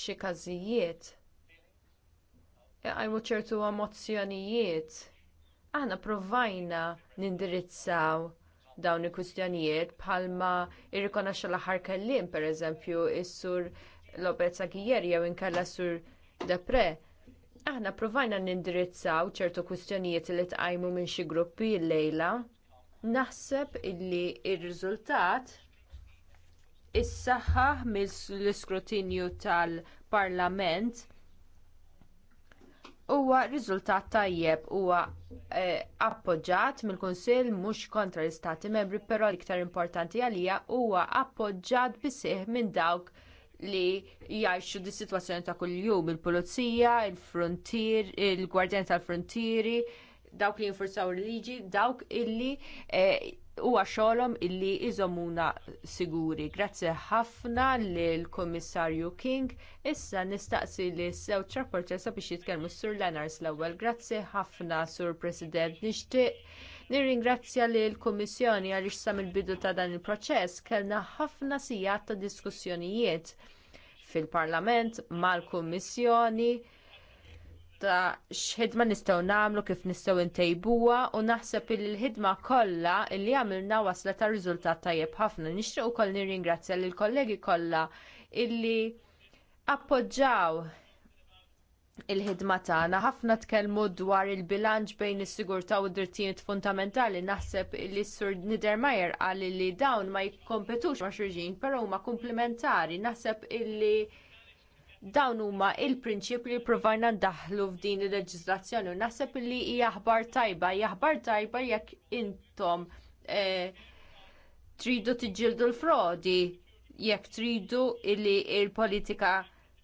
Xi każijiet għajmu ċertu emozzjonijiet. Aħna provajna nindirizzaw dawn il-kustjonijiet bħalma irrikonaxxa l-aħħar kelliem, pereżempju is-sur Lopez Aguier jew inkella sur Depre. Aħna provajna nindirizzaw ċertu kwistjonijiet li tqajmu minn xi gruppi llejla. Naħseb illi r riżultat Is-saħħa mill-iskrutinju tal-Parlament huwa riżultat tajjeb huwa eh, appoġġjat mill-Kunsill mhux kontra l-Istati Membri, però l-iktar importanti għalija huwa appoġġjat bisih minn dawk li jgħixu di situazzjoni ta' kuljum il-pulizija, il-frontier, il-gwardjan tal-frontieri, dawk li jinfurzaw il-liġi, dawk illi eh, huwa xogħolhom illi iżomuna siguri. Grazzi ħafna lill kummissarju King. Issa nistaqsi li sewċ rapporter sabiex jitkellmu Sur Lenars l-ewwel. Grazzi ħafna Sur President. Nixtieq nirringrazzja lill kummissjoni għaliex sa mill-bidu ta' dan il-proċess kellna ħafna sigħat ta' diskussjonijiet fil-Parlament mal-Kummissjoni ta' x'ħidma nistgħu nagħmlu kif nistgħu ntejbuha u naħseb li l-ħidma kollha li għamilna wasla ta' riżultat tajjeb ħafna. Nixtieq ukoll nirringrazzja lill kollegi kollha illi appoġġaw il-ħidma tagħna ħafna tkellmu dwar il-bilanċ bejn is-sigurtà u d-drittijiet fundamentali naħseb li s-sur Nidermajer qal li dawn ma jikkompetux ma' xulxin, però huma komplementari naħseb illi Dawn huma il-prinċipji li provajna ndaħlu f'din il-leġislazzjoni u naħseb li hija aħbar tajba, hija aħbar tajba jekk intom eh, tridu tiġildu l-frodi, jekk tridu li l politika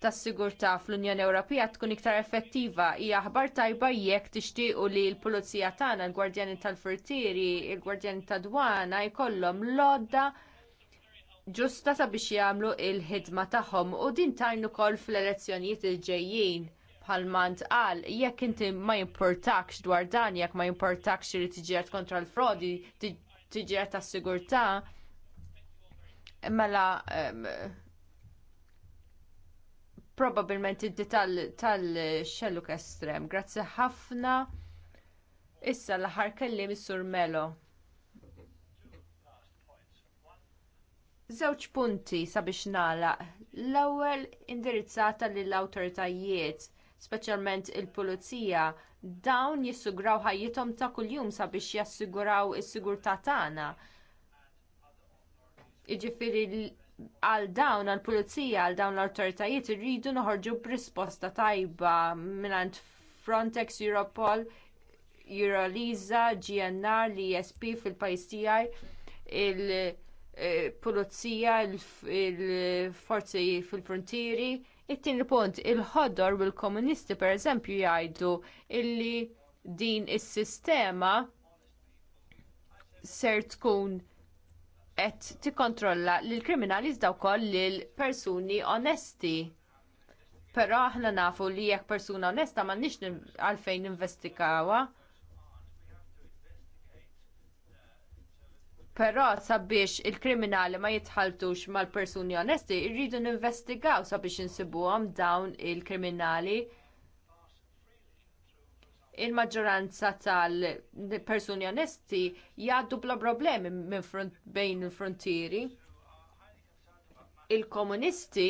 tas sigurtà fl-Unjoni Ewropea tkun iktar effettiva hija aħbar tajba jekk tixtiequ li l-pulizija tagħna, il-gwardjani tal-furtieri, il-gwardjani tad-dwana jkollhom lodda ġusta sabiex jagħmlu l ħidma tagħhom u din tajn ukoll fl-elezzjonijiet il-ġejjin bħalma qal jekk inti ma jimpurtakx dwar dan jekk ma jimportakx irid tiġġieled kontra l-frodi, tiġġieled tas-sigurtà, mela probabbilment inti tal-xelluk estrem. Grazzi ħafna. Issa l-aħħar kellim is-sur Melo. Żewġ punti sabiex nagħlaq. L-ewwel indirizzata lill-awtoritajiet, speċjalment il-pulizija, dawn jissugraw ħajjithom ta' kuljum sabiex jassiguraw is-sigurtà tagħna. Jiġifieri għal dawn għall pulizija għal dawn l-awtoritajiet irridu noħorġu b'risposta tajba mingħand Frontex, Europol, Euroliza, GNR, l isp e fil pajjiż tiegħi pulizija, il-forzi fil-frontieri. It-tieni punt, il-ħodor u l-komunisti pereżempju jgħidu illi din is-sistema ser tkun qed tikkontrolla lill kriminali iżda wkoll lil persuni onesti. Però aħna nafu li jekk persuna onesta m'għandniex għalfejn investigawha. Però sabiex il-kriminali ma jitħaltux mal-persuni onesti, irridu ninvestigaw sabiex insibuhom dawn il-kriminali il-maġġoranza tal-persuni onesti jgħaddu bla problemi minn bejn il-frontieri. Il-komunisti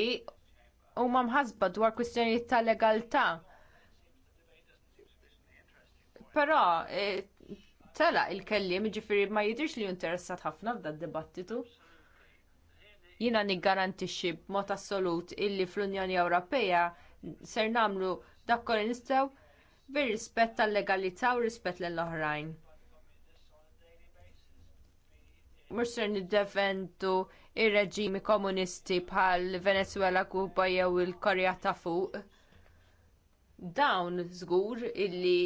huma mamħazba dwar kwistjonijiet ta' legalità. Però eh, tela il-kellim, ġifiri ma jidirx li interessat ħafna f'da dibattitu. Jina niggarantixxi b'mod assolut illi fl-Unjoni Ewropea ser namlu dak kol bir rispett tal-legalità u rispett l-oħrajn. Mux ser niddefendu ir-reġimi komunisti bħal Venezuela, Kuba jew il-Korea ta' fuq. Dawn żgur illi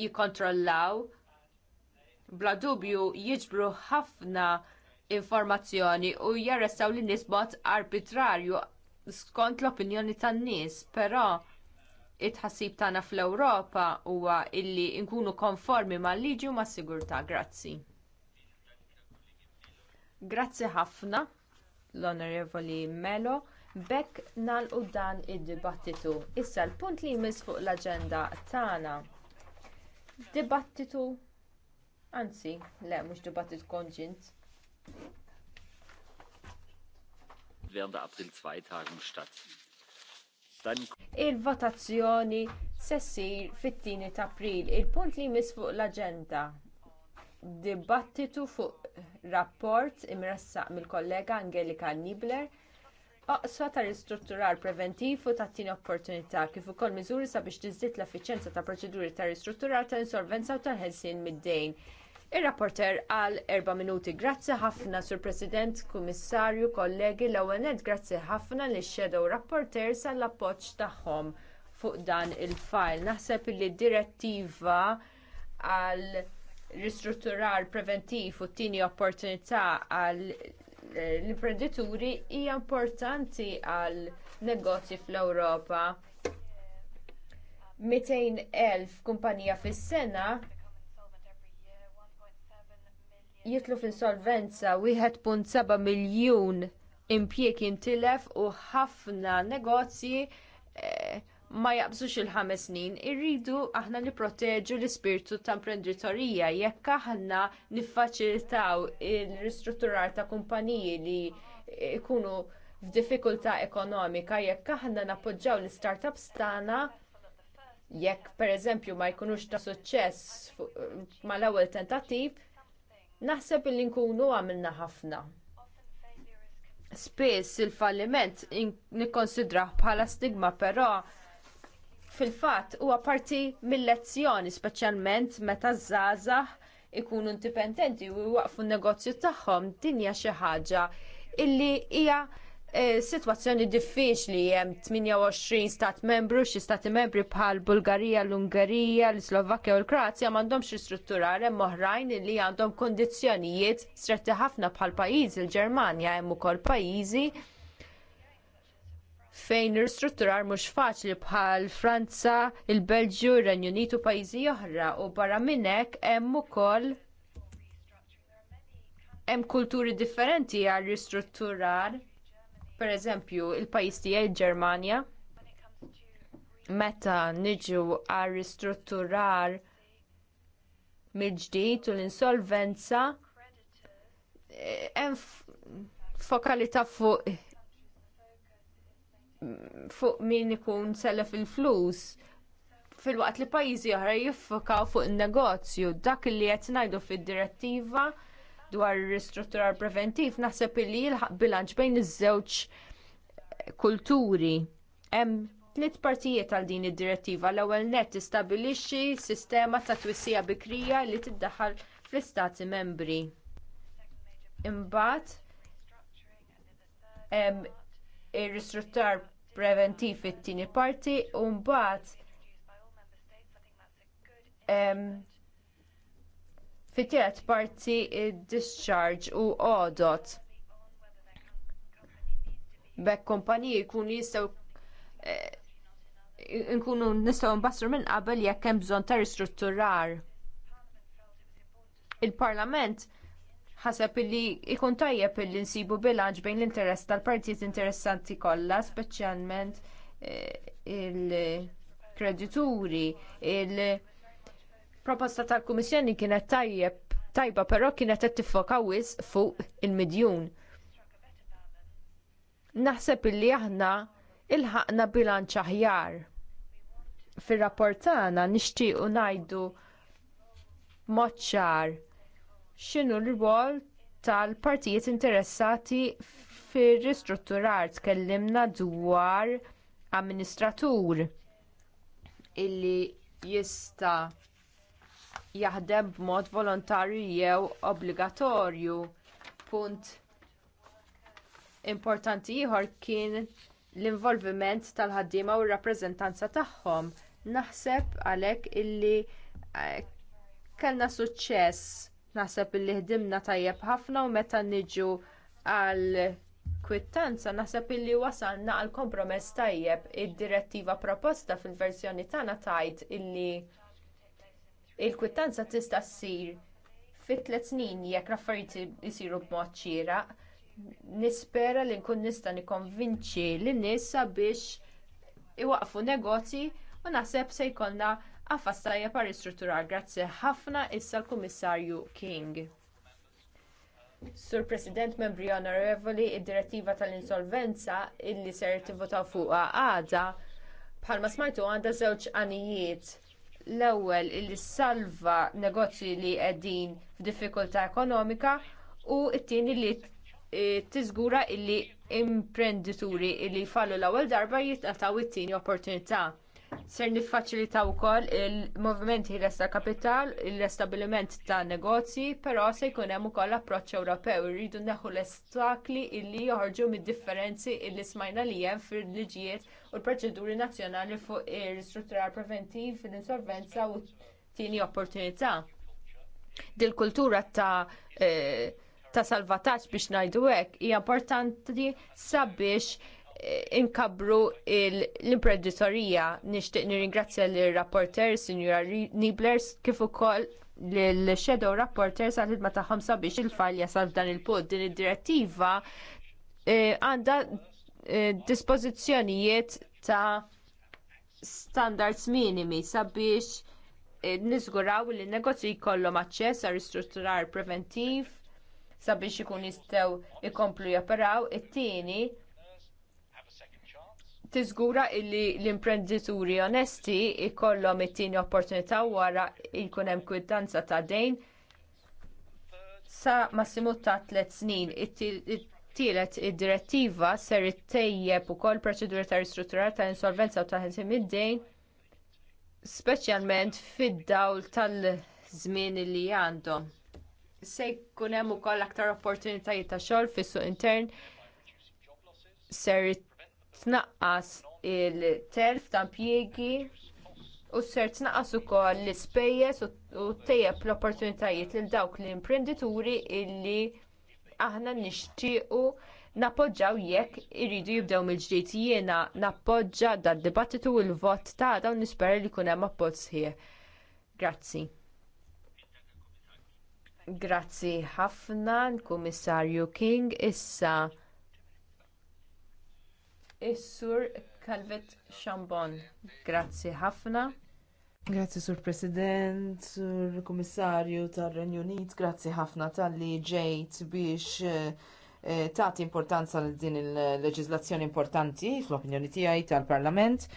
jikkontrollaw bla dubju jiġbru ħafna informazzjoni u jarrestaw li nisbot arbitrarju skont l-opinjoni tan-nies, però it-ħassib tagħna fl-Ewropa huwa illi nkunu konformi mal-liġi u mas-sigurtà. Grazzi. Grazzi ħafna l-Onorevoli Melo. Bekk nagħlqu dan id-dibattitu. Issa l-punt li jmiss fuq l-aġenda tagħna. Dibattitu Anzi, le, mhux dibattit konġint. Während Tagen statt. Il-votazzjoni se ssir fit-tieni ta' April. Il-punt li jmiss fuq l-aġenda dibattitu fuq rapport imressaq mill-kollega Angelika Nibler Oqswa ta' ristrutturar preventiv u tagħtini opportunità kif ukoll miżuri sabiex tiżdied l-effiċjenza ta' proċeduri ta' ristrutturar ta' insolvenza u tal-ħelsien mid-dejn. Ir-rapporter għal erba minuti. Grazzi ħafna, Sur President, Kummissarju, kollegi, l-ewwel grazzi ħafna li shadow rapporter sal-appoġġ tagħhom fuq dan il-file. Naħseb li direttiva għal ristrutturar preventiv u tieni opportunità għal eh, l-imprenditori hija importanti għal negozji fl-Ewropa. 200.000 kumpanija fis-sena jitlu f'insolvenza 1.7 miljun impjieg jintilef u ħafna negozji eh, ma jaqbżux il-ħames snin, irridu aħna nipproteġu l-ispirtu ta' imprenditorija jekk aħna niffaċilitaw il-ristrutturar ta' kumpaniji li jkunu f'diffikultà ekonomika jekk aħna nappoġġaw l-startups tagħna jekk pereżempju ma jkunux ta' suċċess mal-ewwel tentattiv, Naħseb illi nkunu għamilna ħafna. Spiss il-falliment nikkonsidra bħala stigma, però fil-fatt huwa parti mill-lezzjoni, speċjalment meta żgħażagħ ikunu indipendenti u waqfu n-negozju tagħhom dinja xi ħaġa illi hija E, situazzjoni diffiċli hemm 28 stat membru, xi stati membri bħal Bulgarija, l-Ungerija, l slovakja u l-Kroazja m'għandhomx ristrutturar hemm oħrajn li għandhom kondizjonijiet stretti ħafna bħal pajiz il-Ġermanja hemm ukoll pajjiżi fejn ristrutturar mhux faċli bħal Franza, il-Belġju, r renju Unitu u pajjiżi oħra u barra minn hekk hemm ukoll hemm kulturi differenti għal ristrutturar Pereżempju il-pajjiż tiegħi ġermanja meta niġu għal ristrutturar mill-ġdid u l-insolvenza eh, hemm fokalità fuq fuq min ikun sella il-flus fil-waqt li pajjiżi oħra jiffokaw fuq in negozju dak li qed ngħidu fid-direttiva dwar ristrutturar preventiv naħseb illi jilħaq bilanċ bejn iż-żewġ kulturi. Hemm tliet partijiet għal din id-direttiva. L-ewwel nett tistabbilixxi sistema ta' twissija bikrija li tiddaħħal fl-istati membri. Imbagħad hemm ir-ristruttar preventiv fit-tieni parti u mbagħad fit-tiet parti id-discharge u għodot. Bekk kumpaniji jkunu jistgħu eh, nkunu nistgħu nbassru minn qabel jekk hemm bżonn ta' ristrutturar. Il-Parlament ħaseb illi ikun tajjeb illi nsibu bilanċ bejn l-interess tal-partijiet interessanti kollha, speċjalment eh, il-kredituri, il-, -kredituri, il proposta tal-Kummissjoni kienet tajjeb tajba però kienet qed tiffoka fuq il-midjun. Naħseb illi aħna ilħaqna bilanċ aħjar. Fir-rapport tagħna nixtiequ ngħidu mod ċar x'inhu l-rwol tal-partijiet interessati fir-ristrutturar tkellimna dwar amministratur illi jista' jaħdem b'mod volontarju jew obbligatorju. Punt importanti ieħor kien l-involviment tal-ħaddiema u r-rappreżentanza tagħhom. Naħseb għalhekk illi eh, kellna suċċess. Naħseb illi ħdimna tajjeb ħafna u meta niġu għal kwittanza naħseb illi wasalna għal kompromess tajjeb id-direttiva proposta fil-verżjoni tagħna tajt illi Il-kwittanza tista' ssir fit tliet snin jekk raffariet isiru b'mod xieraq. Nispera li nkun nista' nikkonvinċi lin nies sabiex iwaqfu negozji u naħseb se jkollna għafas tajja par istrutturar. Grazzi ħafna issa l-Kummissarju King. Sur President Membri Onorevoli, id-direttiva tal-insolvenza illi ser tivvotaw fuqha għada bħalma smajtu għandha żewġ għanijiet l-ewwel li salva negozji li qegħdin f'diffikultà ekonomika u t-tieni li eh, tiżgura li imprendituri li jfallu l-ewwel darba jitqataw it-tieni opportunità. Ser niffaċilitaw ukoll il-movimenti resta kapital, l-establiment ta' negozji, però se jkun hemm ukoll approċċ Ewropew irridu neħu l-ostakli illi joħorġu mid-differenzi illi smajna li hemm fil-liġijiet u l-proċeduri nazzjonali fuq ir strutturar preventiv fil-insolvenza u tieni opportunità. Dil kultura ta' eh, ta' salvataġġ biex ngħidu hekk hija importanti sabiex eh, inkabru l-imprenditorija. Nixtieq nirringrazzja l-rapporter, Sinjura Niblers, kif ukoll l-Shadow rapporter għal ma tagħhom sabiex il falja sa' dan il-pod. Din id-direttiva eh, għandha dispożizzjonijiet ta' standards minimi sabiex eh, niżguraw li n-negozju jkollhom aċċess għal ristrutturar preventiv sabiex ikun jistgħu jkomplu japeraw. It-tieni tiżgura li l-imprenditori onesti jkollhom it-tieni opportunità wara jkun hemm kwitanza ta' dejn sa massimu ta' tliet snin. It Tielet id-direttiva ser ittejjeb ukoll proċedura ta' ristrutturar ta' insolvenza u ta' ħinsim id-dejn, speċjalment fid-dawl tal-żmien li għandhom. Se jkun hemm ukoll aktar opportunitajiet ta' xogħol fis-suq intern ser tnaqqas il-telf ta' impjiegi u ser tnaqqas ukoll l-ispejjeż u tejjeb l-opportunitajiet lil dawk l-imprenditturi illi aħna nixtiequ nappoġġaw jekk iridu jibdew mill-ġdid jiena nappoġġa dal dibattitu u l-vot ta' dawn u nispera li jkun hemm appoġġ sħiħ. Grazzi. Grazzi ħafna l-Kummissarju King issa Is-Sur Calvet Chambon. Grazzi ħafna. Grazzi sur President, sur Komissarju tar-Renju Unit, grazzi ħafna tal-li ġejt biex eh, eh, tagħti importanza l din il-leġiżlazzjoni importanti fl-opinjoni tiegħi tal-Parlament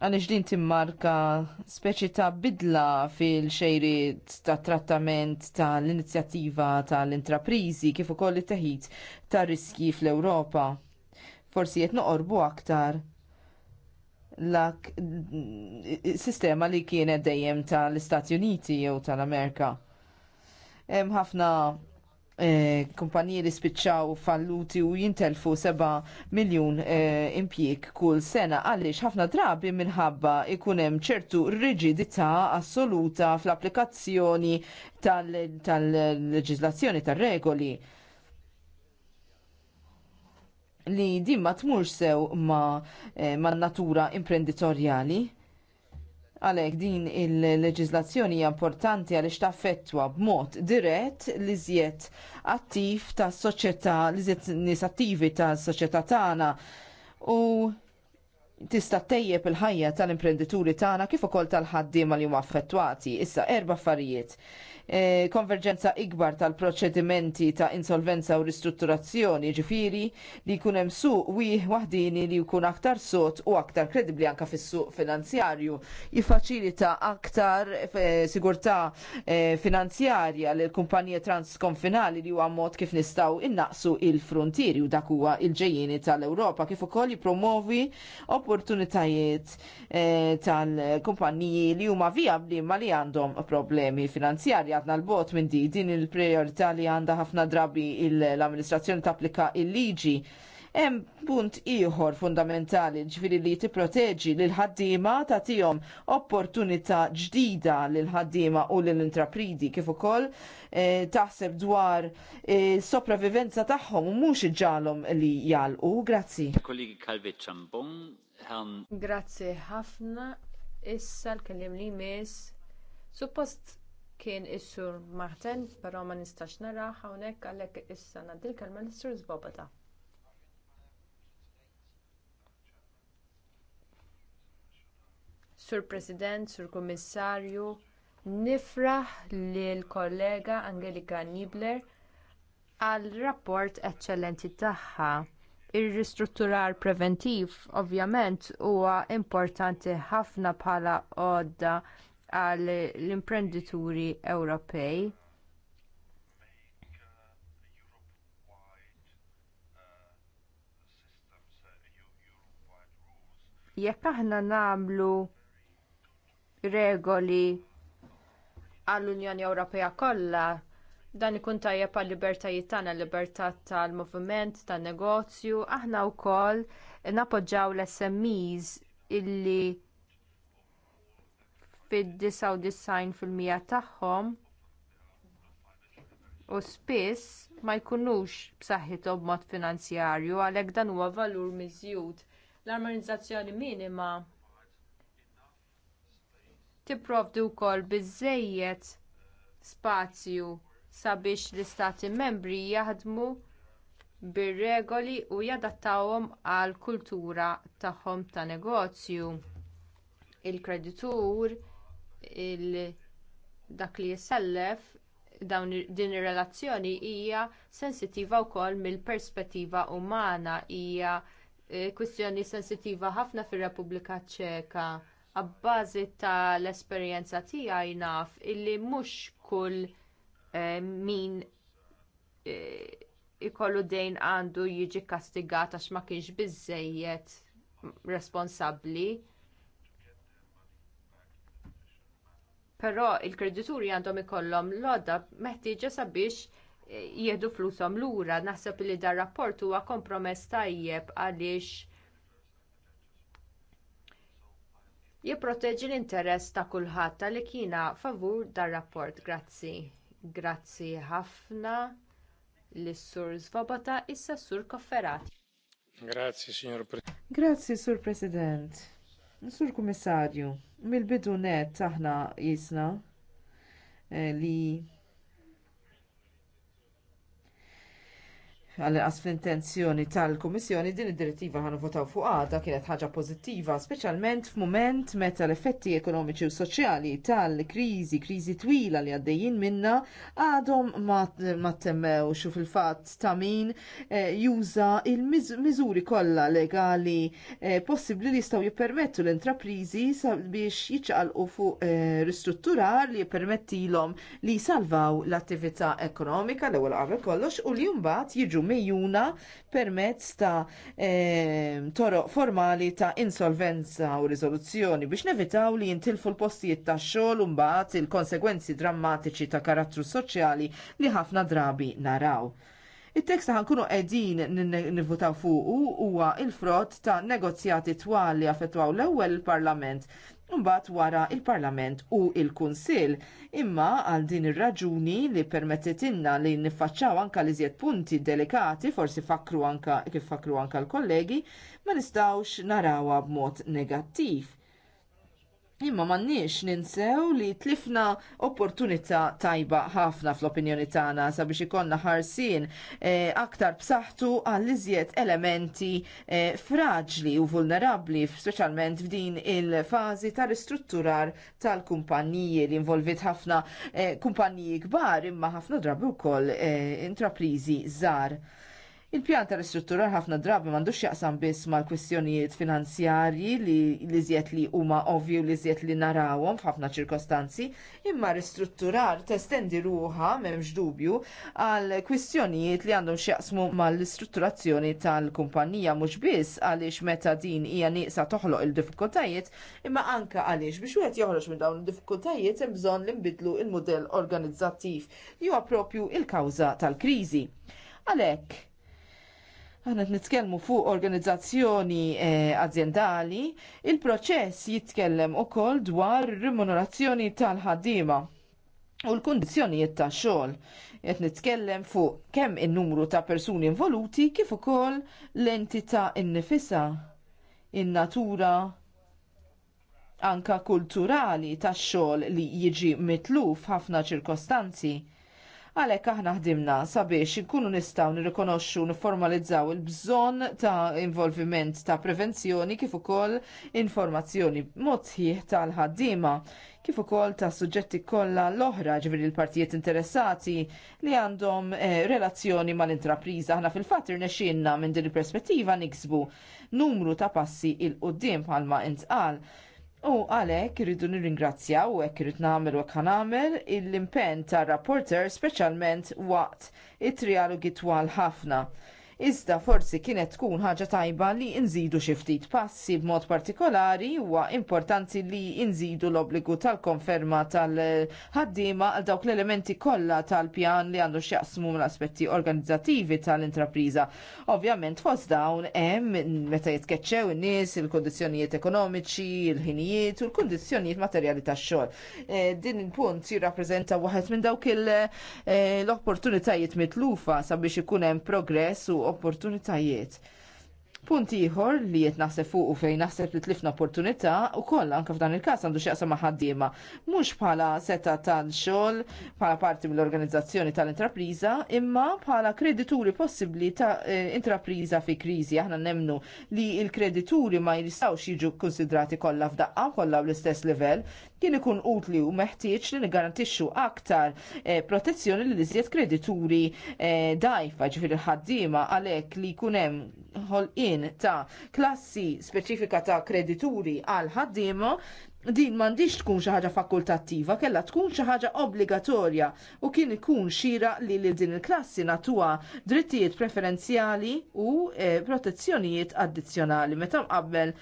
għaliex din timmarka speċi ta' bidla fil-xejriet ta' trattament tal-inizjattiva tal-intraprizi kif ukoll it-teħid ta' riski fl-Ewropa. Forsi qed noqorbu aktar l-ak sistema li kienet dejjem tal-Istati Uniti jew tal-Amerika. Hemm ħafna eh, kumpaniji li spiċċaw falluti u jintelfu 7 miljun eh, impjieg kull sena għaliex ħafna drabi minħabba ikun hemm ċertu riġidità assoluta fl-applikazzjoni tal-leġiżlazzjoni tal-regoli. Tal li din ma tmurx sew ma, eh, ma natura imprenditorjali. Għalek din il-leġizlazzjoni hija importanti għaliex taffettwa b'mod dirett li żjed attiv ta' soċjetà li żjed nis attivi ta' soċjetà tagħna u tista' tejjeb il-ħajja tal imprendituri tagħna kif ukoll tal-ħaddiema li huma affettwati. Issa erba' affarijiet Eh, konverġenza ikbar tal-proċedimenti ta' insolvenza u ristrutturazzjoni ġifiri li jkun hemm suq wieħ waħdini li jkun aktar sot u aktar kredibbli anke fis-suq finanzjarju. Jiffaċilita aktar eh, sigurtà eh, finanzjarja lil kumpanija transkonfinali li huwa mod kif nistgħu innaqsu il-frontieri u dak huwa il-ġejjieni tal-Ewropa kif ukoll jippromovi opportunitajiet tal-kumpaniji li huma viabli ma li għandhom problemi finanzjarji għadna l-bot minn di din il-priorità li għandha ħafna drabi l-amministrazzjoni tapplika il-liġi. Hemm punt ieħor fundamentali ġifieri li tipproteġi lil ħaddiema tagħtihom opportunità ġdida lil ħaddiema u lil intrapridi kif ukoll eh, taħseb dwar eh, sopravivenza tagħhom u mhux iġġalhom li jalqu. Grazzi. Kollegi Kalvi Ċambon. Grazzi ħafna. Issa l-kellim li mis suppost kien is-sur Marten, però ma nistax nara hawnhekk għalhekk issa ngħaddi l ministru lis-sur President, Sur Kummissarju, nifraħ lill kollega Angelika Nibler għal rapport eċċellenti tagħha ir-ristrutturar preventiv ovvjament huwa importanti ħafna bħala għodda għal l-imprendituri Ewropej. Jekk aħna nagħmlu regoli għall-Unjoni Ewropea kollha, dan ikun tajjeb għal libertajiet tagħna, libertà tal-moviment, tan-negozju, aħna wkoll napoġġaw l-SMEs illi fid-99 fil-mija tagħhom u spiss ma jkunux b'saħħithom b'mod finanzjarju għalhekk dan huwa valur miżjud. L-armonizzazzjoni minima tipprovdi wkoll biżżejjed spazju sabiex l-istati membri jaħdmu bir-regoli u jadattawhom għall kultura tagħhom ta' negozju. Il-kreditur dak li jissellef dawn din ir-relazzjoni hija sensittiva wkoll mill-perspettiva umana hija eh, kwistjoni sensittiva ħafna fir-Repubblika Ċeka. Abbażi tal-esperjenza tiegħi naf illi mhux kull eh, min eh, ikollu dejn għandu jiġi kastigat għax ma kienx biżżejjed responsabbli però l kredituri għandhom ikollhom lodda meħtieġa sabiex eh, jieħdu flushom lura. Naħseb li dar rapport huwa kompromess tajjeb għaliex jipproteġi l-interess ta' kulħadd li kiena favur dar-rapport. Grazzi. Grazzi ħafna lis sur Svoboda issa sur Kofferat. Grazzi, signor President. Grazzi, sur President. Sur Kummissarju mill-bidu net aħna jisna eh, li għal fl-intenzjoni tal-Kummissjoni din id-direttiva ħan votaw fuq għada kienet ħaġa pozittiva, speċjalment f'mument meta l-effetti ekonomiċi u soċjali tal-kriżi, kriżi twila li għaddejjin minna, għadhom ma temmewx u fil-fatt ta' min eh, juża il-miżuri kollha legali eh, possibbli li jistgħu jippermettu l-intrapriżi biex jiċċaqalqu fuq eh, ristrutturar li jippermettilhom li salvaw l-attività ekonomika l-ewwel qabel kollox u li mbagħad jiġu mejjuna permezz ta' eh, toroq formali ta' insolvenza u riżoluzzjoni biex nevitaw li jintilfu l-postijiet ta' xogħol u mbagħad il-konsegwenzi drammatiċi ta' karattru soċjali li ħafna drabi naraw. Il-tekst ta' kunu edin nivutaw fuqu huwa il-frott ta' negozjati twali affettwaw l-ewwel parlament Mbagħad wara il-Parlament u il-Kunsill, imma għal din ir-raġuni li permettitinna li niffaċċaw anka li żjed punti delikati, forsi fakru anka kif fakru anka l-kollegi, ma nistgħux narawha b'mod negattiv. Imma m'għandniex ninsew li tlifna opportunità tajba ħafna fl-opinjoni tagħna sabiex ikollna ħarsien eh, aktar b'saħħtu għall iżjed elementi eh, fraġli u vulnerabbli, speċjalment f'din il-fażi ta' ristrutturar tal-kumpaniji li involvit ħafna eh, kumpaniji kbar imma ħafna drabi wkoll eh, intraprizi żgħar. Il-pjan ta' ristrutturar ħafna drabi m'għandux jaqsam biss mal-kwistjonijiet finanzjarji li li li huma ovvju li żjed li narawhom f'ħafna ċirkostanzi, imma ristrutturar testendi ruha m'hemmx dubju għal kwistjonijiet li għandhom x'jaqsmu mal-istrutturazzjoni tal-kumpanija mhux biss għaliex meta din hija nieqsa toħloq il-diffikultajiet, imma anke għaliex biex wieħed joħroġ minn dawn il-diffikultajiet hemm bżonn li nbidlu il-mudell organizzattiv li huwa propju il-kawża tal-kriżi. Għalhekk, Għanna nitkellmu fuq organizzazzjoni eh, aziendali, il-proċess jitkellem u koll dwar remunerazzjoni tal-ħaddima u l-kondizjonijiet ta' xogħol. Qed nitkellem fuq kemm in-numru ta' persuni involuti kif ukoll l-entità innifisa, in-natura anka kulturali tax xogħol li jiġi mitluf ħafna ċirkostanzi Għalhekk aħna ħdimna sabiex inkunu nistgħu nirrikonoxxu nifformalizzaw il-bżonn ta' involviment ta' prevenzjoni kif ukoll informazzjoni mod tal-ħaddiema kif ukoll ta' suġġetti kollha l-oħra ġifieri l-partijiet interessati li għandhom eh, relazzjoni mal-intrapriża. Aħna fil-fatt irnexxinna minn din il-perspettiva niksbu numru ta' passi il qudiem bħalma intqal U għalek irridu nirringrazzjaw u hekk irid nagħmel u hekk nagħmel l-impenn tar-rapporter speċjalment waqt it-trialogi twal ħafna. Iżda forsi kienet tkun ħaġa tajba li nżidu xi ftit passi b'mod partikolari huwa importanti li nżidu l-obbligu tal-konferma tal-ħaddiema għal dawk l-elementi kollha tal-pjan li għandu x'jaqsmu l-aspetti organizzattivi tal-intrapriża. Ovvjament fost dawn hemm meta jitkeċċew in-nies, il kundizzjonijiet ekonomiċi, il-ħinijiet u l kundizzjonijiet materjali tax-xogħol. Eh, din il-punt jirrappreżenta waħed minn dawk eh, l-opportunitajiet mitlufa sabiex ikun hemm progress u opportunitajiet. Punt ieħor li qed naħseb fuq u fejn naħseb li tlifna opportunità u koll anke f'dan il-każ għandu x'jaqsam ma' ħaddiema. Mhux bħala seta tal-xogħol bħala parti mill-organizzazzjoni tal-intrapriża, imma bħala kredituri possibbli ta' eh, intrapriża fi kriżi. Aħna nemnu li l-kredituri ma jistgħux jiġu konsidrati kollha f'daqqa kollha l-istess livell kien ikun utli u meħtieġ li nigarantixxu aktar eh, protezzjoni li iżjed kredituri eh, dajfa ġifieri ħaddiema għalhekk li jkun hemm ħolqien ta' klassi speċifika ta' kredituri għal ħaddiema din mandiġ tkun xi ħaġa fakultattiva, kellha tkun xi ħaġa obbligatorja u kien ikun xira li lil din il-klassi natuha drittijiet preferenzjali u e, protezzjonijiet addizzjonali meta mqabbel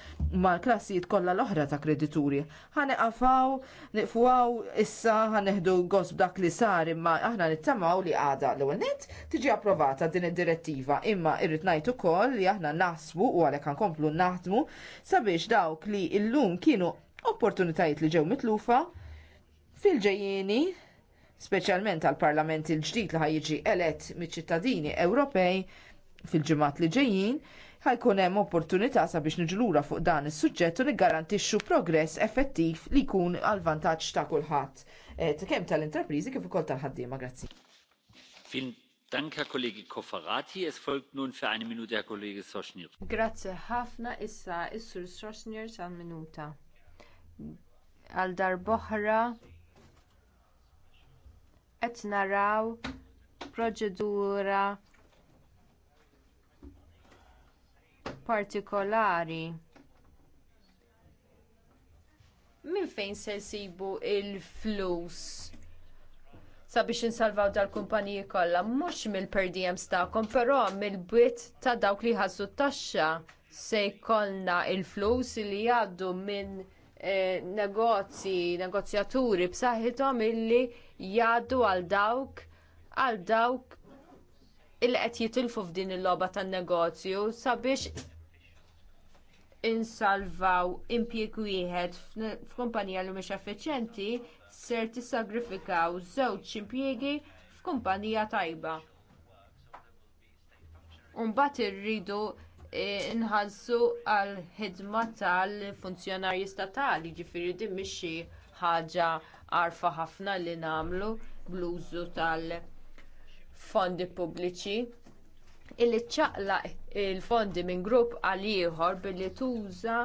mal-klassijiet kollha l-oħra ta' kredituri. Ħaneqafaw, niqfuaw issa ħaneħdu gosb dak li sar imma aħna nittamaw li għada l-ewwel nett tiġi approvata din id-direttiva imma irrid ngħid ukoll li aħna naħsbu u għalhekk nkomplu naħdmu sabiex dawk li llum kienu opportunitajiet li ġew mitlufa fil-ġejjieni, speċjalment għall parlament il-ġdid li ħajġi elett miċ-ċittadini Ewropej fil-ġimgħat li ġejjin, ħajkun hemm opportunità sabiex niġlura fuq dan is-suġġett u niggarantixxu progress effettiv li jkun għal vantaġġ ta' kulħadd kemm tal-intrapriżi kif ukoll tal-ħaddiema. Grazzi. Vielen Dank, Herr Kollege Kofferati. Es folgt nun für eine Minute Herr Kollege Soschnir. Grazie ħafna issa is-Sur Soschnir sal minuta għal darboħra qed naraw proċedura partikolari minn fejn se jsibu il flus sabiex insalvaw dal-kumpaniji kollha mhux mill-perdiem stakom, però mill-bit ta' dawk li ħassu taxxa se jkollna l flus li jgħaddu minn Eh, negozji, negozjaturi b'saħħithom illi jgħaddu għal dawk għal dawk illi qed jitilfu f'din il-logħba tan-negozju sabiex insalvaw impjieg wieħed f'kumpanija li mhux effiċjenti ser tissagrifikaw żewġ impjiegi f'kumpanija tajba. U mbagħad irridu inħassu eh, għal ħidma tal-funzjonarji statali, ġifiri din mixi ħaġa għarfa ħafna li nagħmlu bl-użu tal-fondi pubbliċi illi ċaqlaq il-fondi minn grupp għal ieħor billi tuża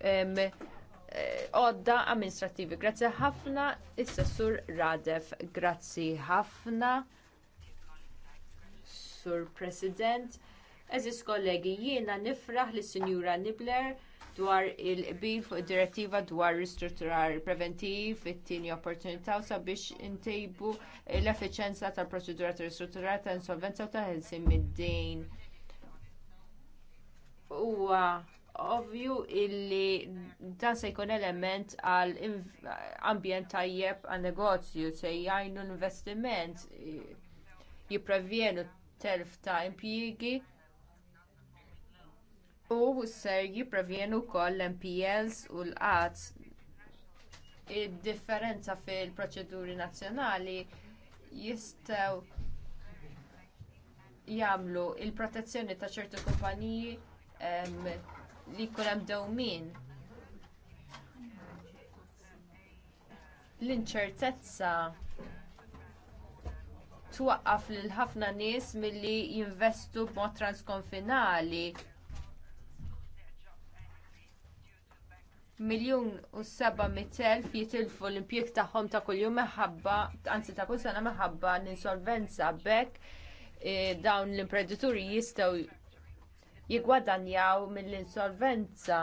eh, għodda amministrativi. Grazzi ħafna, is-sessur Radef. Grazzi ħafna, Sur President. Eżis kollegi, jiena nifraħ li Sinjura Nibler dwar il bif id direttiva dwar ristrutturar preventiv it-tieni opportunità sabiex intejbu l-effiċenza tal-proċedura ta' ristrutturar ta' insolvenza u ta' ħelsin mid-dejn. Huwa ovvju illi dan se jkun element għal ambjent tajjeb għan negozju se jgħinu investiment jipprevjenu telf ta' impjiegi u ser jipprevjenu wkoll l-MPLs u l-qats. Id-differenza fil-proċeduri nazzjonali jistgħu jagħmlu l protezzjoni ta' ċertu kumpaniji li jkun hemm dewmien. L-inċertezza twaqqaf lil ħafna nies milli jinvestu b'mod transkonfinali miljun u seba mitelf jitilfu l-impjek tagħhom ta' kuljum meħabba, anzi ta' kull sena meħabba l-insolvenza bekk e, dawn l-imprenditori jistgħu jigwadanjaw mill-insolvenza.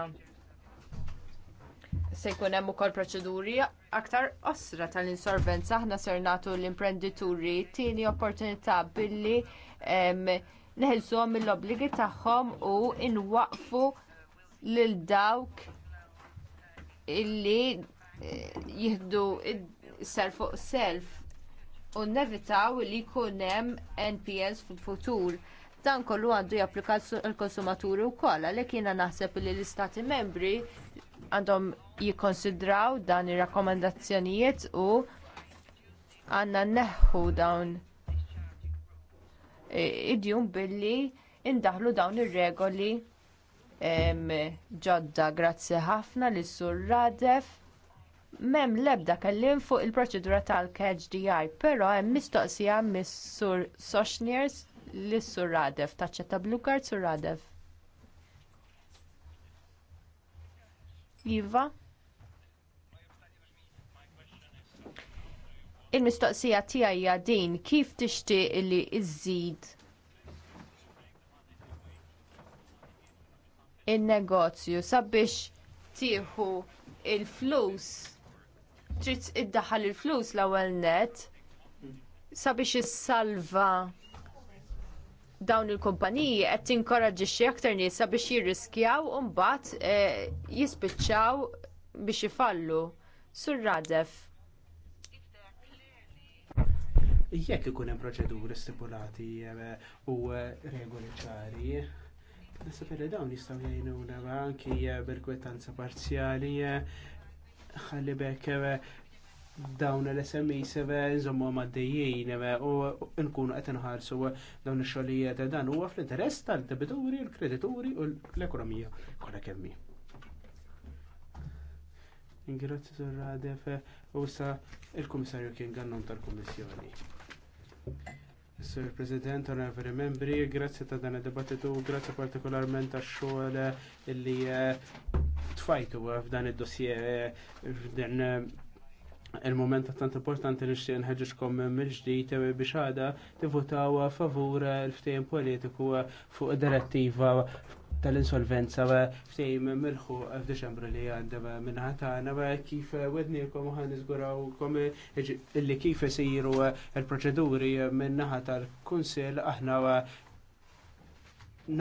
Se jkun hemm ukoll proċeduri aktar osra tal-insolvenza aħna ser nagħtu l-imprenditori tieni opportunità billi neħilsuhom mill-obbligi tagħhom u inwaqfu lil dawk illi eh, jihdu self fuq self u nevitaw li jkun hemm NPS fil-futur. Dan kollu għandu japplika l-konsumaturi wkoll, għalhekk jiena naħseb li l-istati membri għandhom jikkonsidraw dan ir rakkomandazzjonijiet u għandna neħu dawn eh, idjum billi indaħlu dawn ir-regoli ġodda grazzi ħafna li sur Radef. Mem lebda kellim fuq il-proċedura tal-KHDI, però hemm mistoqsija mis-sur Soxniers lis sur Radef, taċċetta blue sur Radef. Iva? il-mistoqsija tiegħi hija din kif tixtieq li iżżid il-negozju sabiex tieħu il-flus trid iddaħħal il-flus l-ewwel net sabiex issalva dawn il-kumpaniji qed tinkoraġixxi aktar nies sabiex jirriskjaw u mbagħad eh, jispiċċaw biex ifallu. Sur Radef. Jekk ikun hemm proċeduri stipulati eh, u eh, regoli ċari, Nasib li dawn jistgħu jgħinuna anki eh, bil parziali parzjali eh, ħalli bekk eh, dawn l-SMI seve nżommu għaddejjien u nkunu qed nħarsu dawn ix-xogħlijiet dan huwa fl-interess tal-debituri, l-kredituri u l-ekonomija kolla kemm Ingrazzi sur Radef u sa il-Kummissarju kien gannon tal-Kummissjoni. Sir President, onorevoli membri, grazzi ta' dan id-dibattitu, grazzi partikolarment għax xogħol li eh, tfajtu f'dan id-dossier f'dan eh, il-moment tant importanti li xtieq nħeġġkom mill-ġdid biex għada tivvutaw favur il-ftehim politiku fuq direttiva tal-insolvenza ftejm mirħu f'Deċembru li għandha minnħatana kif wednilkom uħan kom eh, illi kif isiru eh, il-proċeduri eh, minnaħa tal-Kunsil aħna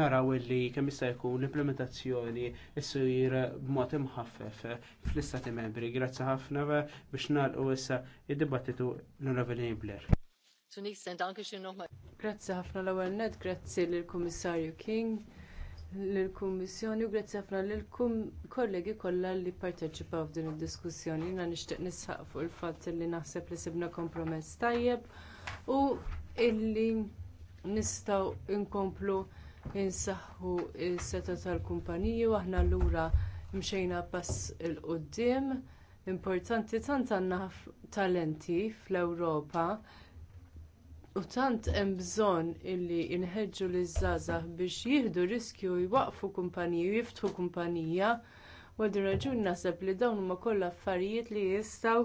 naraw illi kemm jista' jkun l-implementazzjoni issir b'mod imħaffef fl-istati membri. Grazzi ħafna biex nagħlqu issa id-dibattitu l-Onorevoli Blair. Grazzi ħafna l-ewwel net, grazzi lill-Kummissarju King lill-Kummissjoni u grazzi ħafna lill-kollegi kollha li pparteċipaw f'din id-diskussjoni. Jiena nixtieq nisħaq fuq il-fatt li naħseb li sibna kompromess tajjeb u illi nistgħu nkomplu insaħħu s-seta tal-kumpaniji u aħna lura mxejna pass il-qoddim. Importanti tant għandna talenti fl-Ewropa U tant hemm bżonn illi inħeġġu liż-żgħażagħ biex jieħdu riskju jwaqfu kumpaniji u jiftħu kumpanija. U għaddu raġun naħseb li dawn huma kollha affarijiet li jistgħu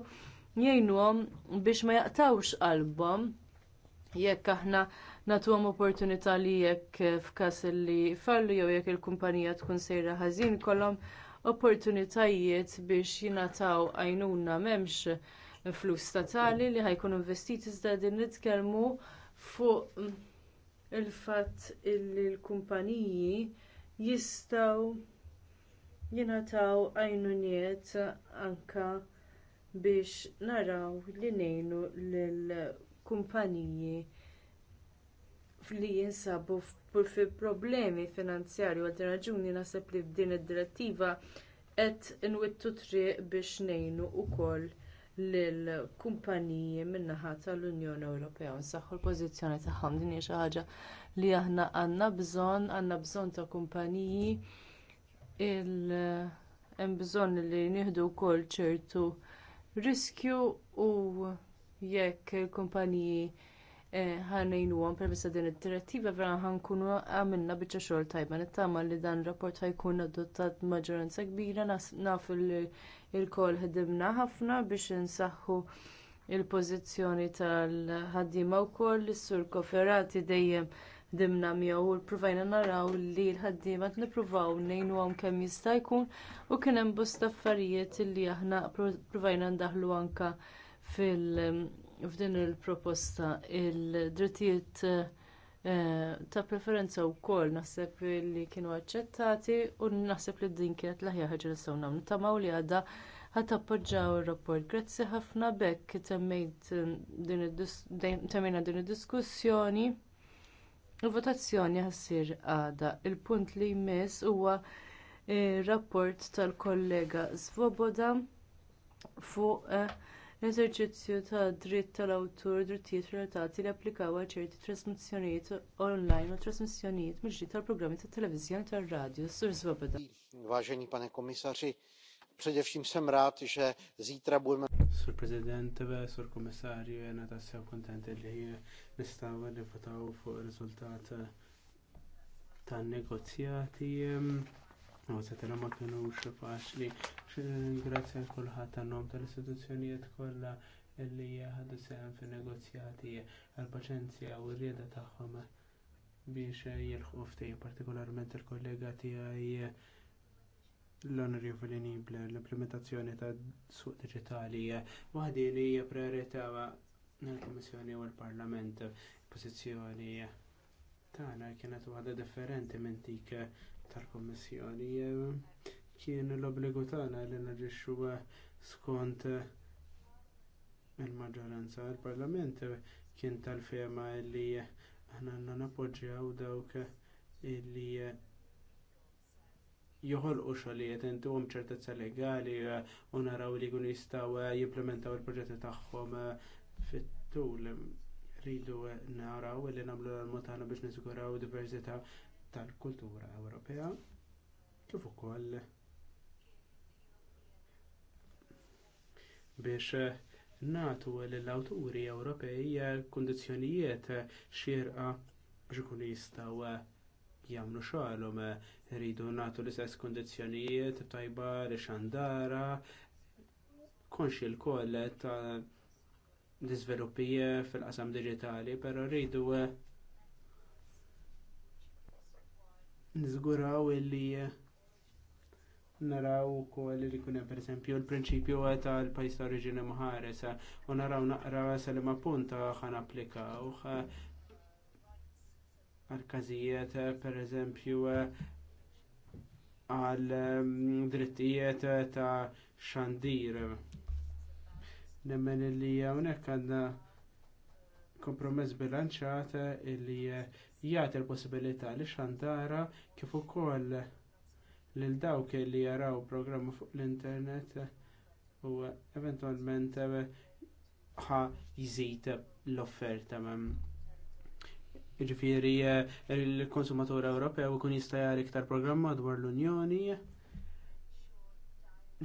jgħinuhom biex ma jaqtawx qalbhom jekk aħna nagħtuhom opportunità li jekk f'każ li fallu jew jekk il-kumpanija tkun sejra ħażin kollhom opportunitajiet biex jingħataw għajnuna m'hemmx flus statali li ħajkun investiti iżda din nitkellmu fuq il-fatt illi l-kumpaniji jistgħu jingħataw għajnuniet anke biex naraw li ngħinu lill kumpaniji li jinsabu fi problemi finanzjarji u għad raġuni naħseb li b'din id-direttiva qed nwittu triq biex ngħinu wkoll lill-kumpaniji min-naħa tal-Unjoni Ewropea u nsaħħu l-pożizzjoni tagħhom din hija xi ħaġa li aħna għandna bżonn, għandna bżonn ta' kumpaniji il hemm bżonn li nieħdu wkoll ċertu riskju u jekk il-kumpaniji ħanejnuhom permezz ta' din id-direttiva vera nkunu għamilna biċċa xogħol tajba nittama li dan rapport ħajkun adottat maġġoranza kbira nafu il-kol ħedimna ħafna biex insaħħu il-pożizzjoni tal-ħaddiema wkoll is-sur koferati dejjem dimna miegħu u provajna naraw li l-ħaddiema nippruvaw ngħinuhom kemm jista' jkun u kien hemm bosta affarijiet li aħna provajna ndaħlu anke fil- f'din il-proposta il-drittijiet eh, ta' preferenza wkoll naħseb li kienu aċċettati u naħseb li din kienet l-aħjar ħaġa li sew nagħmlu tamaw li għadha ħat appoġġjaw r rapport Grazzi ħafna bekk eh, temmejna din id-diskussjoni. Il-votazzjoni ħassir għada. Il-punt li jmiss huwa r eh, rapport tal-kollega Svoboda fuq l-eżerċizzju ta' dritt tal-awtur drittijiet relatati li applikaw għal ċerti trasmissjonijiet online u trasmissjonijiet mill-ġdid tal-programmi tat-televiżjoni tar-radju sur Swoboda. Vážený pane komisaři, především jsem rád, že zítra budeme... Sur President, Sur Komissarju, jena ta' sew kontent li nistaw nifutaw fuq il-rizultat ta' negozjati. U setena ma kienu faċli. Grazie għal kulħadd għannom tal-istituzzjonijiet kollha illi ħadu sehem fin negozjati għal-paċenzja u r-rieda tagħhom biex jilħqu ftej partikolarment il-kollega tiegħi l-onorevoli Nibla l-implementazzjoni ta' suq digitali waħdi li hija priorità l-Kummissjoni u l-Parlament pożizzjoni tagħna kienet waħda differenti minn dik tal-Kommissjoni kien l-obbligu tagħna li naġixxu skont il-maġġoranza għall-Parlament kien tal-fema li aħna nappoġġjaw dawk illi joħolqu xogħlijiet intuhom ċertezza legali u naraw li jkunu jistgħu jimplementaw il-proġetti tagħhom fit-tul rridu naraw li nagħmlu l-mutana biex niżguraw diversità tal-kultura Ewropea kif ukoll biex eh, natu l-awturi Ewropej eh, kundizzjonijiet eh, xirqa biex ikun jistgħu jagħmlu xogħolhom iridu nagħtu l-istess kundizzjonijiet tajba li xandara konxi l-koll ta' fil-qasam digitali, però rridu nizguraw illi eh, naraw ukoll li kuna per esempio l-prinċipju għata l-pajis ta' oriġini maħares eh, u naraw naqra sa' li ma' punta ħan applikaw eh, għal-kazijiet per eżempju għal mm, drittijiet ta' xandir. Nemmen illi għonek għanna kompromess bilanċat illi jagħti l-possibilità li xandara kif ukoll lil dawk li jaraw programmi fuq l-internet u eventwalment ħa jżid l-offerta Ġifiri, il-konsumatur Ewropew ikun jista' jara iktar programma dwar l-Unjoni.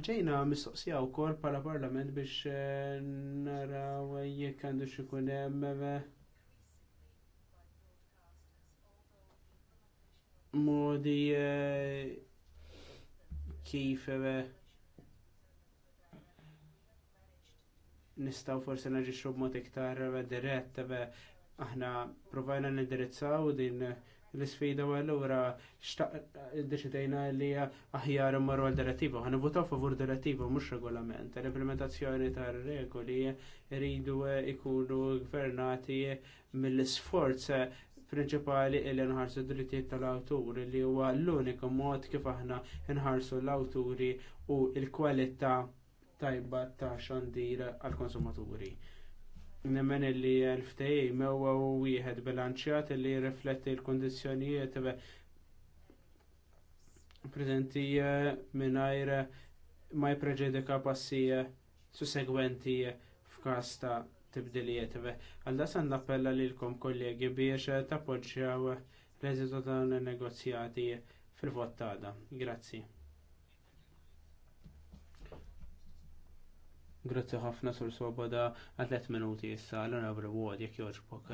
Ġejna mistoqsija wkoll bħala parlament biex naraw jekk għandu xi hemm modi eh, kif eh, nistaw forse naġiċu mod iktar eh, dirett aħna provajna nindirizzaw din l-sfida u għallura deċidejna li aħjar marru għal direttiva. Għan votaw favur direttiva, mux regolament. L-implementazzjoni tar regoli rridu ikunu gvernati mill isforz prinċipali illi nħarsu drittijiet tal-awtur li huwa l-unika mod kif aħna nħarsu l-awturi u l-kwalità tajba ta' xandir għal-konsumaturi. Nemmen li l-ftej mewa u wieħed bilanċjat li jirrifletti l-kondizjonijiet prezenti eh, mingħajr ma jpreġedika passija eh, sussegwenti eh, f'każ ta' tibdilijiet. Għalda san nappella li l-kom kollegi biex tappoġġjaw l-eżitu ta' negozjati fil-vottada. Grazzi. Grazzi ħafna sur soboda għal 3 minuti issa l-onorabli għod jekk joġbok.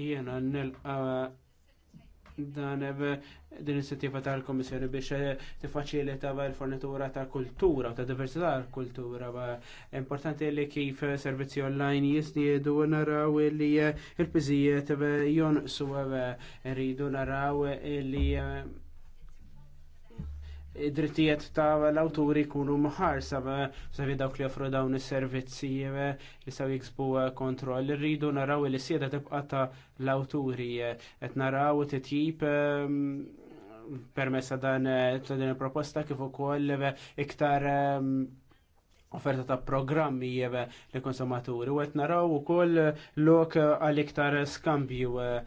Jiena nilqa' dan din inizjattiva tal-Komissjoni biex eh, tiffaċilita l-fornitura ta' kultura, ta' diversità tal-kultura. Importanti li kif servizzi online jisniedu naraw li eh, il-piżijiet eh, jonqsu rridu naraw li id-drittijiet ta' l-awturi jkunu maħarsa sabi dawk li joffru dawn is-servizzi li saw jiksbu eh, kontroll. Irridu naraw li sieda tibqa ta' l-awturi qed naraw titjib ehm, permessa dan eh, il-proposta kif ukoll iktar ehm, offerta ta' programmi li konsumaturi u qed naraw ukoll lok għal iktar skambju eh,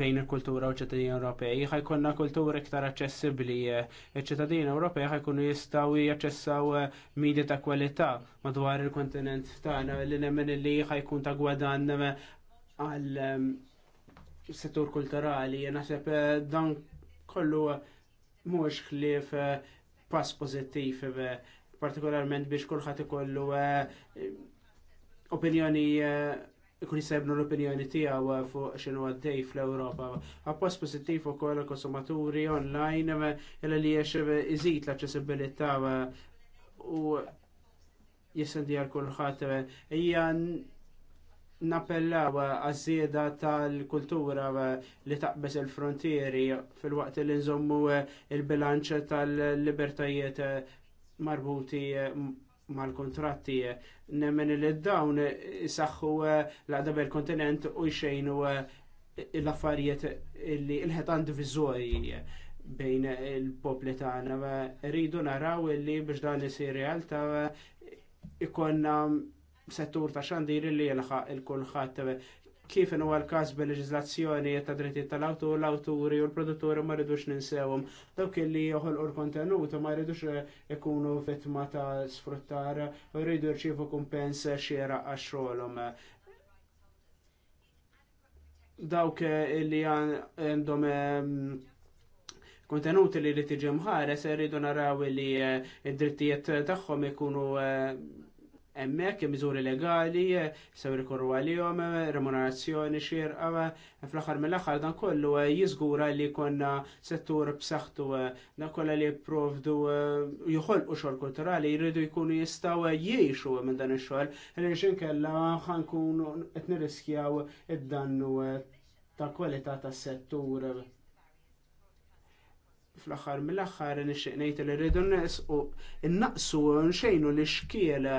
bejn il-kultura u ċittadini Ewropej. Ħajkonna kultura iktar aċċessibbli. Eh, ċittadini Ewropej ħajkunu jistgħu jaċċessaw eh, media ta' kwalità madwar il-kontinent tagħna li nemmen li ħajkun ta' gwadan għal settur kulturali. Naħseb dan kollu mhux ħlief pass pozittiv partikolarment biex kulħadd ikollu eh, opinjoni eh, ikun jisebnu l-opinjoni tiegħu eh, fuq xinu għaddej fl ewropa Appost pozittiv ukoll konsumaturi online, illa li jiex iżid l aċċessibilità u jissendi għal kulħadd hija nappellaw għazzieda tal-kultura li taqbes il-frontieri fil-waqt li nżommu il-bilanċ tal-libertajiet marbuti eh, mal-kontratti eh, nemmen li dawn isaxħu eh, l għadda bel kontinent u xejnu l-affarijiet li il ħetan divizori bejn il-popli tagħna. Rridu naraw li biex dan isir realtà ikonna settur ta' xandir li jilħaq il-kulħadd kif huwa l-każ bil-leġiżlazzjoni ta' drittijiet tal-awtur, l-awturi u l-produtturi ma rridux ninsewhom. Dawk li joħolqu l-kontenut ma rridux eh, ikunu vittma ta' sfruttar u rridu jirċievu kumpens xiera għax xogħolhom. Dawk eh, li għandhom ehm, kontenuti li li tiġi mħares rridu naraw li eh, id-drittijiet tagħhom ikunu emmek, miżuri legali, sew rikorru għalihom, remunerazzjoni xir, fl-aħħar mill-aħħar dan kollu jiżgura li konna settur b'saħħtu dan kollha li jipprovdu joħolqu xogħol kulturali jridu jkunu jistgħu jgħixu minn dan ix-xogħol, li kella ħankun qed nirriskjaw id-dannu ta' kwalità tas-settur fl-axar mill-axar nixtieq ngħid li rridu n-naqsu innaqsu nxejnu li xkiela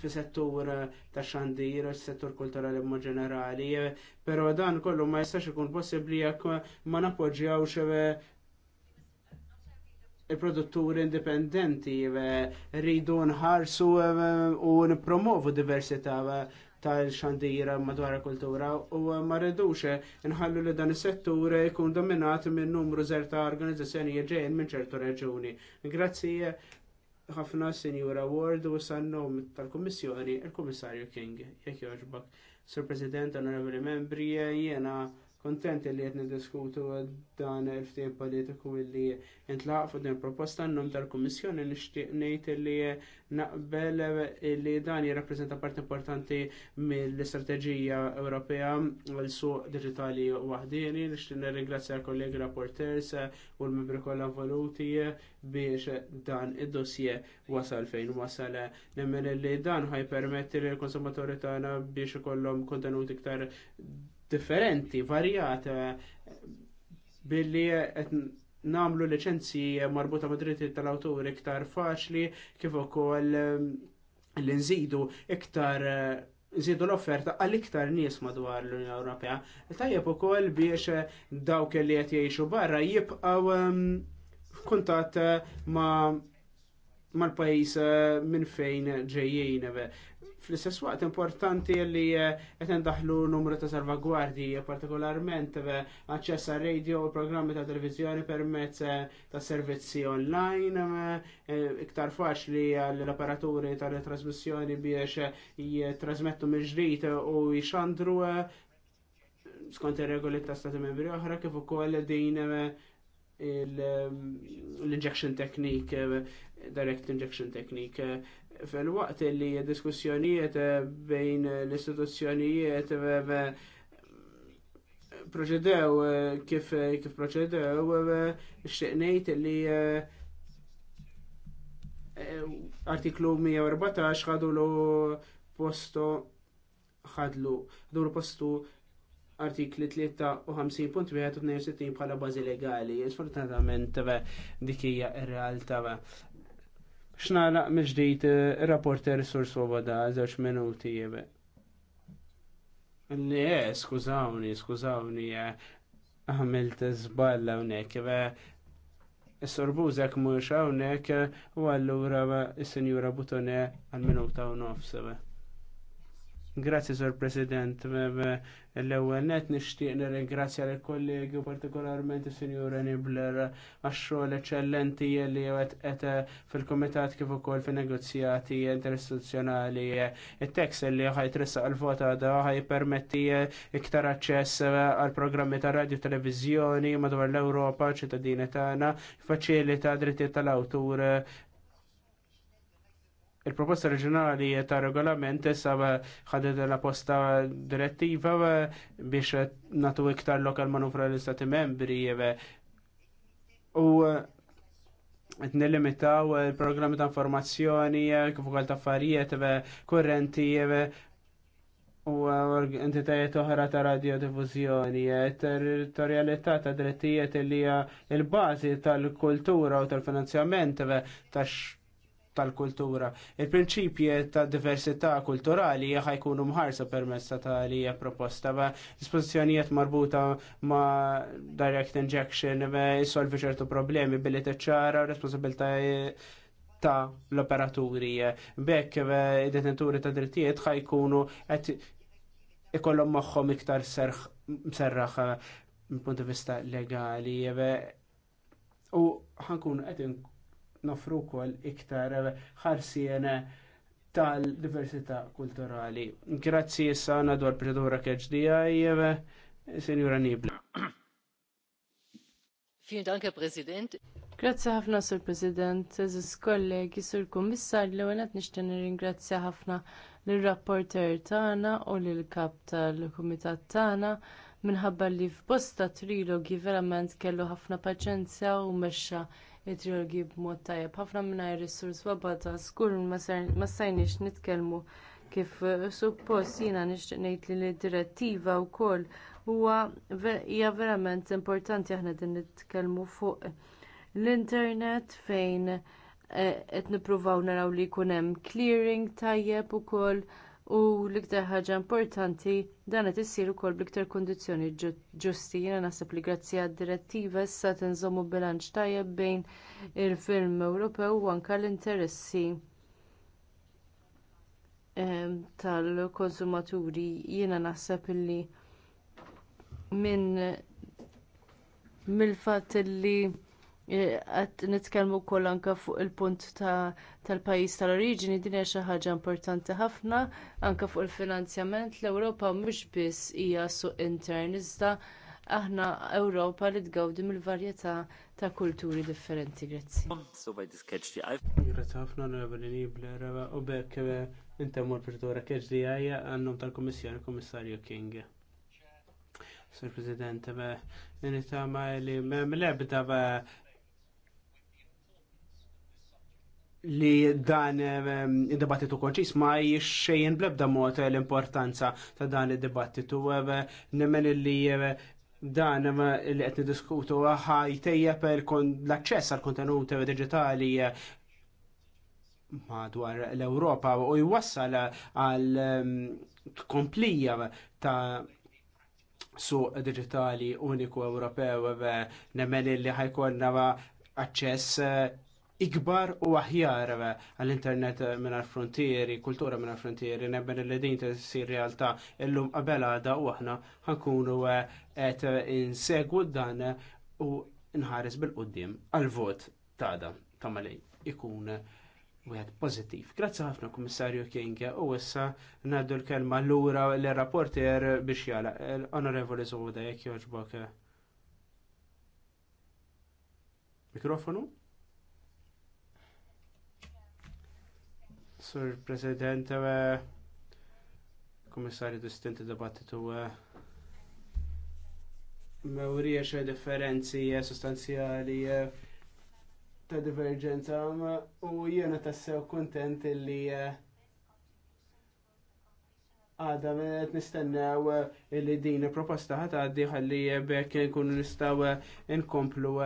fi settur eh, ta' xandir, settur kulturali mod ġenerali, eh, pero dan kollu ma jistax ikun possibbli jekk eh, ma nappoġġjawx il-produtturi indipendenti rridu nħarsu u nipromovu diversità tal-xandira madwar il-kultura u ma rridux nħallu li dan is-settur jkun dominat minn numru zer ta' organizzazzjonijiet ġejjin minn ċertu reġuni. Grazzi ħafna Senior Ward u sannom tal-Kommissjoni il-Kommissarju King, jekk jogħġbok. Sur President, Honorable Membri, jiena kontent li qed niddiskutu dan il-ftehim politiku li intlaq fuq din proposta n num tal-Kummissjoni nixtieq ngħid li naqbel li dan jirrappreżenta part importanti mill-istrateġija Ewropea għal suq digitali waħdieni nixtieq nirringrazzja kollegi rapporters u l-membri kollha voluti biex dan id-dossier wasal fejn wasal nemmen li dan ħajpermetti lill konsumatori tagħna biex ikollhom kontenuti iktar differenti, varjata billi namlu licenzi marbuta ma' dritti tal-awtur iktar faċli kif ukoll ehm, li nżidu iktar nżidu l-offerta għal iktar nies madwar l-Unjoni Ewropea. Tajjeb ukoll biex dawk li qed jgħixu barra jibqgħu ehm, f'kuntatt ma' mal-pajis eh, minn fejn ġejjin. Fl-istess waqt importanti li eh, qed ndaħlu numru ta' salvagwardji, eh, partikolarment eh, aċċess għal radio u programmi ta' televizjoni permezz ta' servizzi online, iktar faċli għall operaturi tal-trasmissjoni biex jitrasmettu miġrit u jxandru skont ir-regoli ta' stati membri oħra kif ukoll din l-injection technique, direct injection technique fil-waqt li diskussjonijiet eh, bejn l-istituzzjonijiet eh, proċedew eh, kif kif proċedew xtiqnejt li artiklu 114 ħadu lu posto ħadlu ħadu lu postu artikli 53.162 bħala bażi legali. Sfortunatament dik hija r-realtà xnaqlaq mġdijt eh, rapporter sur svoboda, zewċ minuti jibe. Le, skużawni, skużawni, eh, għamilt zballa unek, jibe. s sorbuzek mux unek, u għallura eh, s-senjura butone għal-minuta u nofs, Grazzi, Sor President. L-ewel net nishtiq nirringrazzja l kollegi u partikolarment il-Sinjur Nibler għax-xogħol eċċellenti li għet fil-Kumitat kif ukoll fin-negozjati interistituzjonali. Il-tekst li ħajtressaq għal vota da permetti iktar aċċess għal programmi ta' radio Televizjoni madwar l-Ewropa ċittadini tagħna, faċilita drittijiet tal-awtur Il-proposta reġjonali ta' regolament issa ħadet la posta direttiva biex natu iktar lokal manufra l-istati membri u eh, Nilimitaw il-programmi ta' informazzjoni, eh, kif ukoll ta' affarijiet, kurrenti u eh, entitajiet oħra ta' radiodiffużjoni, territorjalità ta' drittijiet li hija l-bażi tal-kultura u tal-finanzjament tax tal-kultura. Il-prinċipji ta' diversità kulturali ħajkunu mħarsa permezz ta' li proposta. Dispożizzjonijiet marbuta ma' direct injection jissolvi ċertu problemi billi teċċara u responsabilità ta' l-operaturi. Bekk id-detenturi ta' drittijiet ħajkunu qed ikollhom magħhom iktar serraħ minn punt vista legali. U ħankun nofru kol iktar ħarsien tal-diversità kulturali. Grazzi għana dwar predura keġdijaj, Senjura Nibla. Vielen danke, Herr Grazzi ħafna, Sur President, Eżis kollegi, Sur Kommissar, li għanet nishtan ringrazzi ħafna l-rapporter tagħna u l-kap tal-Kumitat tagħna minħabba li f'bosta trilogi verament kellu ħafna paċenzja u mexxa it-triologi b'mod tajjeb. Ħafna mingħajr is-sors wabata skur ma stajniex nitkellmu kif eh, suppost jiena nixtieq ngħid li d-direttiva wkoll huwa hija verament importanti aħna din nitkellmu fuq l-internet fejn eh, qed nippruvaw naraw li jkun hemm clearing tajjeb ukoll u l-iktar ħaġa importanti dan qed issir ukoll bl-iktar kundizzjoni ġusti. Jiena naħseb li grazzi għad-direttiva issa tinżommu bilanċ tajjeb bejn il-film Ewropew u anke l-interessi ehm, tal-konsumaturi. Jiena naħseb li minn mill-fatt li Għat nitkellmu wkoll anke fuq il-punt tal pajjiż tal-oriġini din hija xi ħaġa importanti ħafna anke fuq il-finanzjament l-Ewropa mhux biss hija suq intern iżda aħna Ewropa li tgawdi mill-varjetà ta' kulturi differenti. Grazzi. Grazzi ħafna l-Evelini Blera u bekk eh, intemmu l-Pirtura KHDI eh, għannom tal-Kommissjoni Kommissarju King. Sir President, eh, nitama li mem lebda li dan ehm, id-dibattitu konċis ma jixxejjen blebda mod l-importanza ta' dan id-dibattitu ehm, nemmen li ehm, dan li qed niddiskutu ħajtejja per l-aċċess għal kontenut digitali madwar l-Ewropa u jwassal għal komplija ta' suq digitali uniku Ewropew nemmen li ħajkonna aċċess ikbar u aħjar għall-internet minn għal-frontieri, kultura minn għal-frontieri, nebben il-ledin t-sir realta illum qabel għada u aħna ħankunu għet eh, insegu dan u nħares bil-qoddim għal-vot tada Malej ikun u għed pozittiv. Grazzi ħafna komissarju King u issa naddu l-kelma l-ura l-rapporter biex jala, l-onorevoli Zoda, jek joġbok. Mikrofonu? Sur President, Komissarju distinti dibattitu mewrija xe differenzi sostanzjali ta' divergenza u jiena tassew kontent li għada għed nistennew li din proposta ħat għaddi ħalli bekk nkun nistaw nkomplu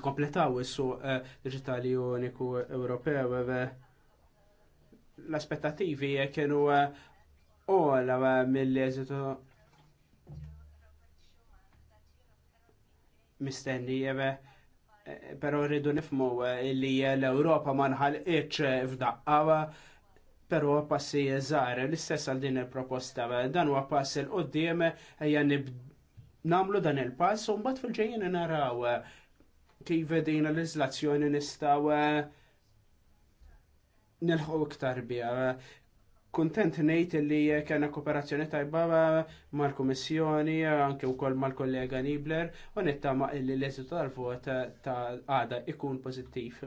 kompletaw is-suq eh, digitali uniku Ewropew eh, l-aspettativi eh, kienu la mill-eżitu mistenni jeve pero rridu nifmu li l-Europa ma nħalqitx f'daqqa pero passi żgħar l-istess għal din il-proposta dan huwa pass il qoddim ejja nib namlu dan il-pass u mbagħad fil-ġejjin naraw kif vedina l-izlazzjoni nistaw eh, nilħu iktar bija. Kontent nejt li kena kooperazzjoni tajba eh, mal-Komissjoni, eh, anke u koll mal-kollega Nibler, u nittama illi l-eżitu tal-vot ta' għada ikun pozittiv.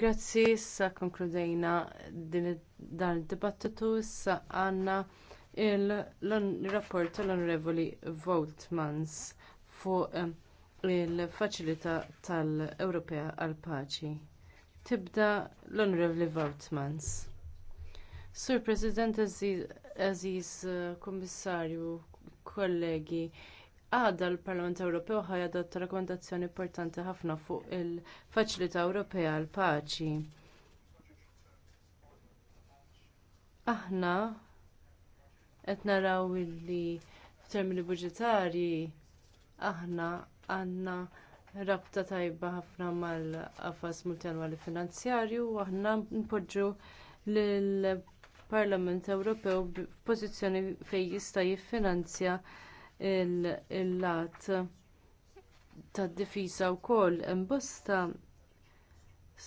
Grazzi, issa konkludejna din dal-dibattitu, issa għanna il-rapport tal-Onorevoli Voltmans fuq ehm, il-faċilità tal-Ewropea għall paċi Tibda l-Onorevli Vautmans. Sur President Aziz eh, Kummissarju, kollegi, għada l-Parlament Ewropew ħajadotta rakkomandazzjoni importanti ħafna fuq il-Faċilità Ewropea għall paċi Aħna qed naraw li f'termini budġetarji aħna għandna rabta tajba ħafna mal-qafas multjanwali finanzjarju u aħna npoġġu lill-Parlament Ewropew f'pożizzjoni fejn jista' jiffinanzja il-lat tad-difiża wkoll hemm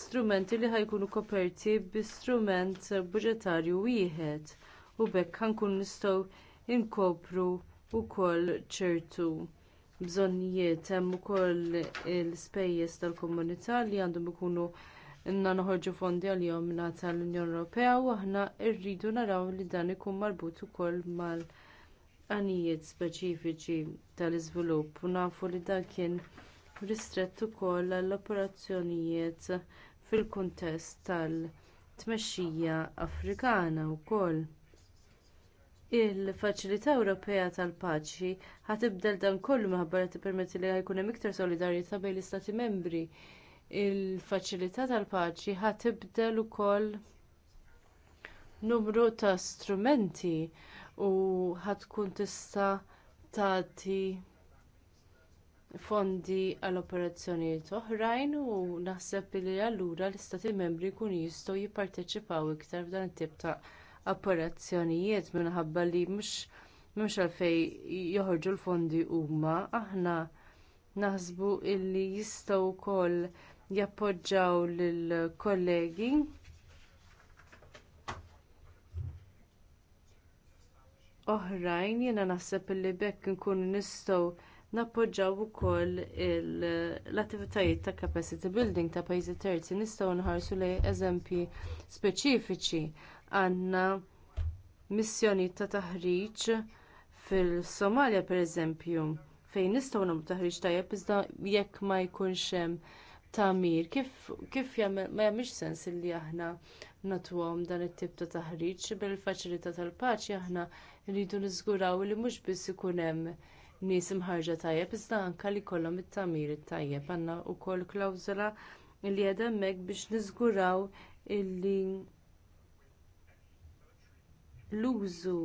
strumenti li ħajkunu koperti bi strument budġetarju wieħed u b'hekk ħankun nistgħu inkopru wkoll ċertu bżonnijiet hemm ukoll l-ispejjeż tal-komunità li għandhom ikunu inna noħorġu fondi għal-jom tal-Unjoni Ewropea u aħna rridu naraw li dan ikun marbut ukoll mal għanijiet speċifiċi tal-iżvilupp u nafu li dan kien ristrett ukoll għall-operazzjonijiet fil-kuntest tal-tmexxija Afrikana wkoll il-Faċilità Ewropea tal-Paċi ħatibdel dan kollu minħabba li tippermetti li jkun hemm iktar solidarjetà bejn l-Istati membri. Il-Faċilità tal-Paċi ħatibdel ukoll numru ta' strumenti u ħatkun tista' tagħti fondi għal operazzjonijiet oħrajn u naħseb li allura l-Istati membri jkunu jistgħu jipparteċipaw iktar f'dan it-tip ta' operazzjonijiet minħabba li mhux mhux għalfejn joħorġu l-fondi huma aħna naħsbu illi jistgħu wkoll jappoġġjaw lill kollegi oħrajn jiena naħseb illi bekk inkunu nistgħu nappoġġaw ukoll l-attivitajiet ta' capacity building ta' pajjiżi terzi nistgħu nħarsu lejn eżempji speċifiċi għandna missjoni ta' taħriġ fil-Somalja pereżempju fejn nistgħu nagħmlu taħriġ tajjeb iżda jekk ma jkunx hemm tagħmir kif kif ma jagħmilx sens illi aħna nagħtuhom dan it-tip ta' taħriġ bil-faċilità tal-paċi aħna rridu niżguraw li mhux biss ikun hemm nies imħarġa tajjeb iżda anke li jkollhom it-tagħmir it-tajjeb għandna wkoll klawżola li hemmhekk biex niżguraw illi l-użu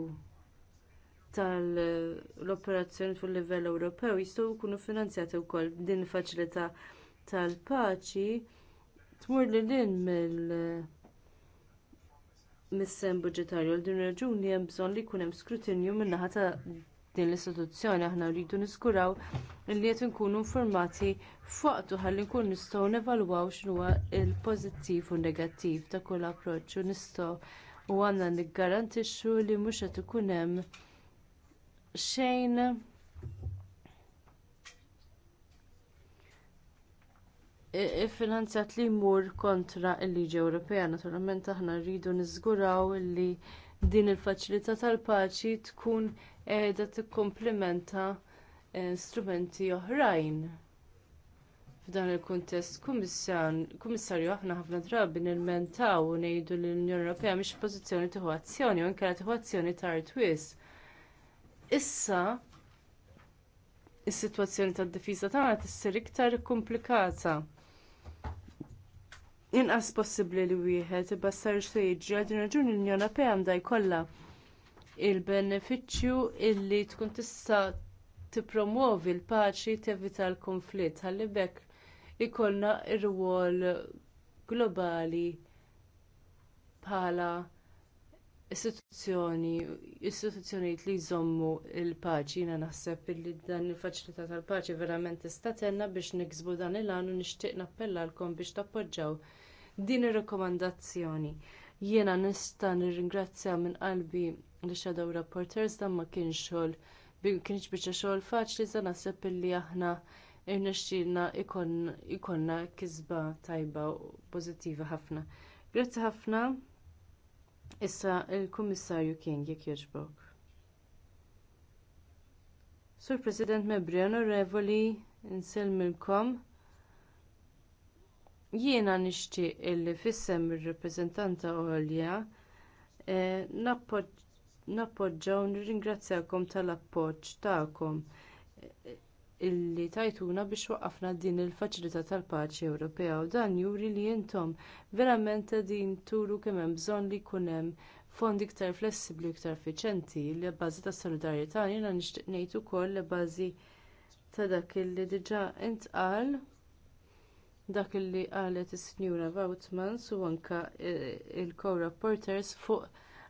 tal-operazzjoni fil livell Ewropew jistgħu jkunu finanzjati wkoll din il-faċilità tal-paċi tmur lil hinn mill mis-sem budġetarju għal din raġuni hemm bżonn li jkun hemm skrutinju min-naħa ta' din l-istituzzjoni aħna rridu niskuraw li qed inkunu informati f'waqtu ħalli nkun nistgħu nevalwaw x'inhuwa l-pożittiv u n-negattiv ta' kull approċċ u nistgħu u għandna niggarantixxu li mhux qed ikun hemm xejn iffinanzjat li jmur kontra il-liġi Ewropea. Naturalment aħna rridu niżguraw li din il-faċilità tal-paċi tkun qiegħda tikkumplementa eh, strumenti oħrajn f'dan il-kuntest kummissarju aħna ħafna drabi nilmentaw u ngħidu li l-Unjoni Ewropea mhix pożizzjoni tieħu azzjoni u nkella tieħu azzjoni tar twiss. Issa is-sitwazzjoni tad-difiża tagħna tissir iktar komplikata. Inqas possibbli li wieħed ibassar xi jiġri għal din raġuni l-Unjoni Ewropea għandha jkollha il-benefiċċju illi tkun tista' tippromuovi l-paċi tevita l-konflitt ħalli ikollna ir-rwol globali bħala istituzzjoni, istituzzjonijiet li jżommu l paċi jiena naħseb li dan il-faċilità tal-paċi verament istatenna biex niksbu dan il-għan u nixtieq nappellalkom biex tappoġġaw din ir-rekomandazzjoni. Jiena nista' nirringrazzja minn qalbi li shadow rapporters dan ma kienx xogħol kienx biċċa xogħol faċli iżda naħseb illi aħna Irnexxielna ikonna kisba tajba u pożittiva ħafna. Grazzi ħafna. Issa l kummissarju King jekk jogħġbok. Sur President Mebri, onorevoli, nsilmilkom, Jiena nixtieq illi fissem ir-rappreżentanta Olja e, nappoġġaw nirringrazzjakom tal-appoġġ tagħkom illi tajtuna biex waqqafna din il-faċilità tal-paċi Ewropea u dan juri li intom verament din turu kemm hemm bżonn li jkun hemm fondi iktar flessibbli u iktar effiċjenti li bbażi tas solidarjetà jiena nixtieq ngħid ukoll li bażi ta' dak illi diġà intqal dak illi qalet is-Sinjura Vautmans u anke eh, il-co-rapporters fuq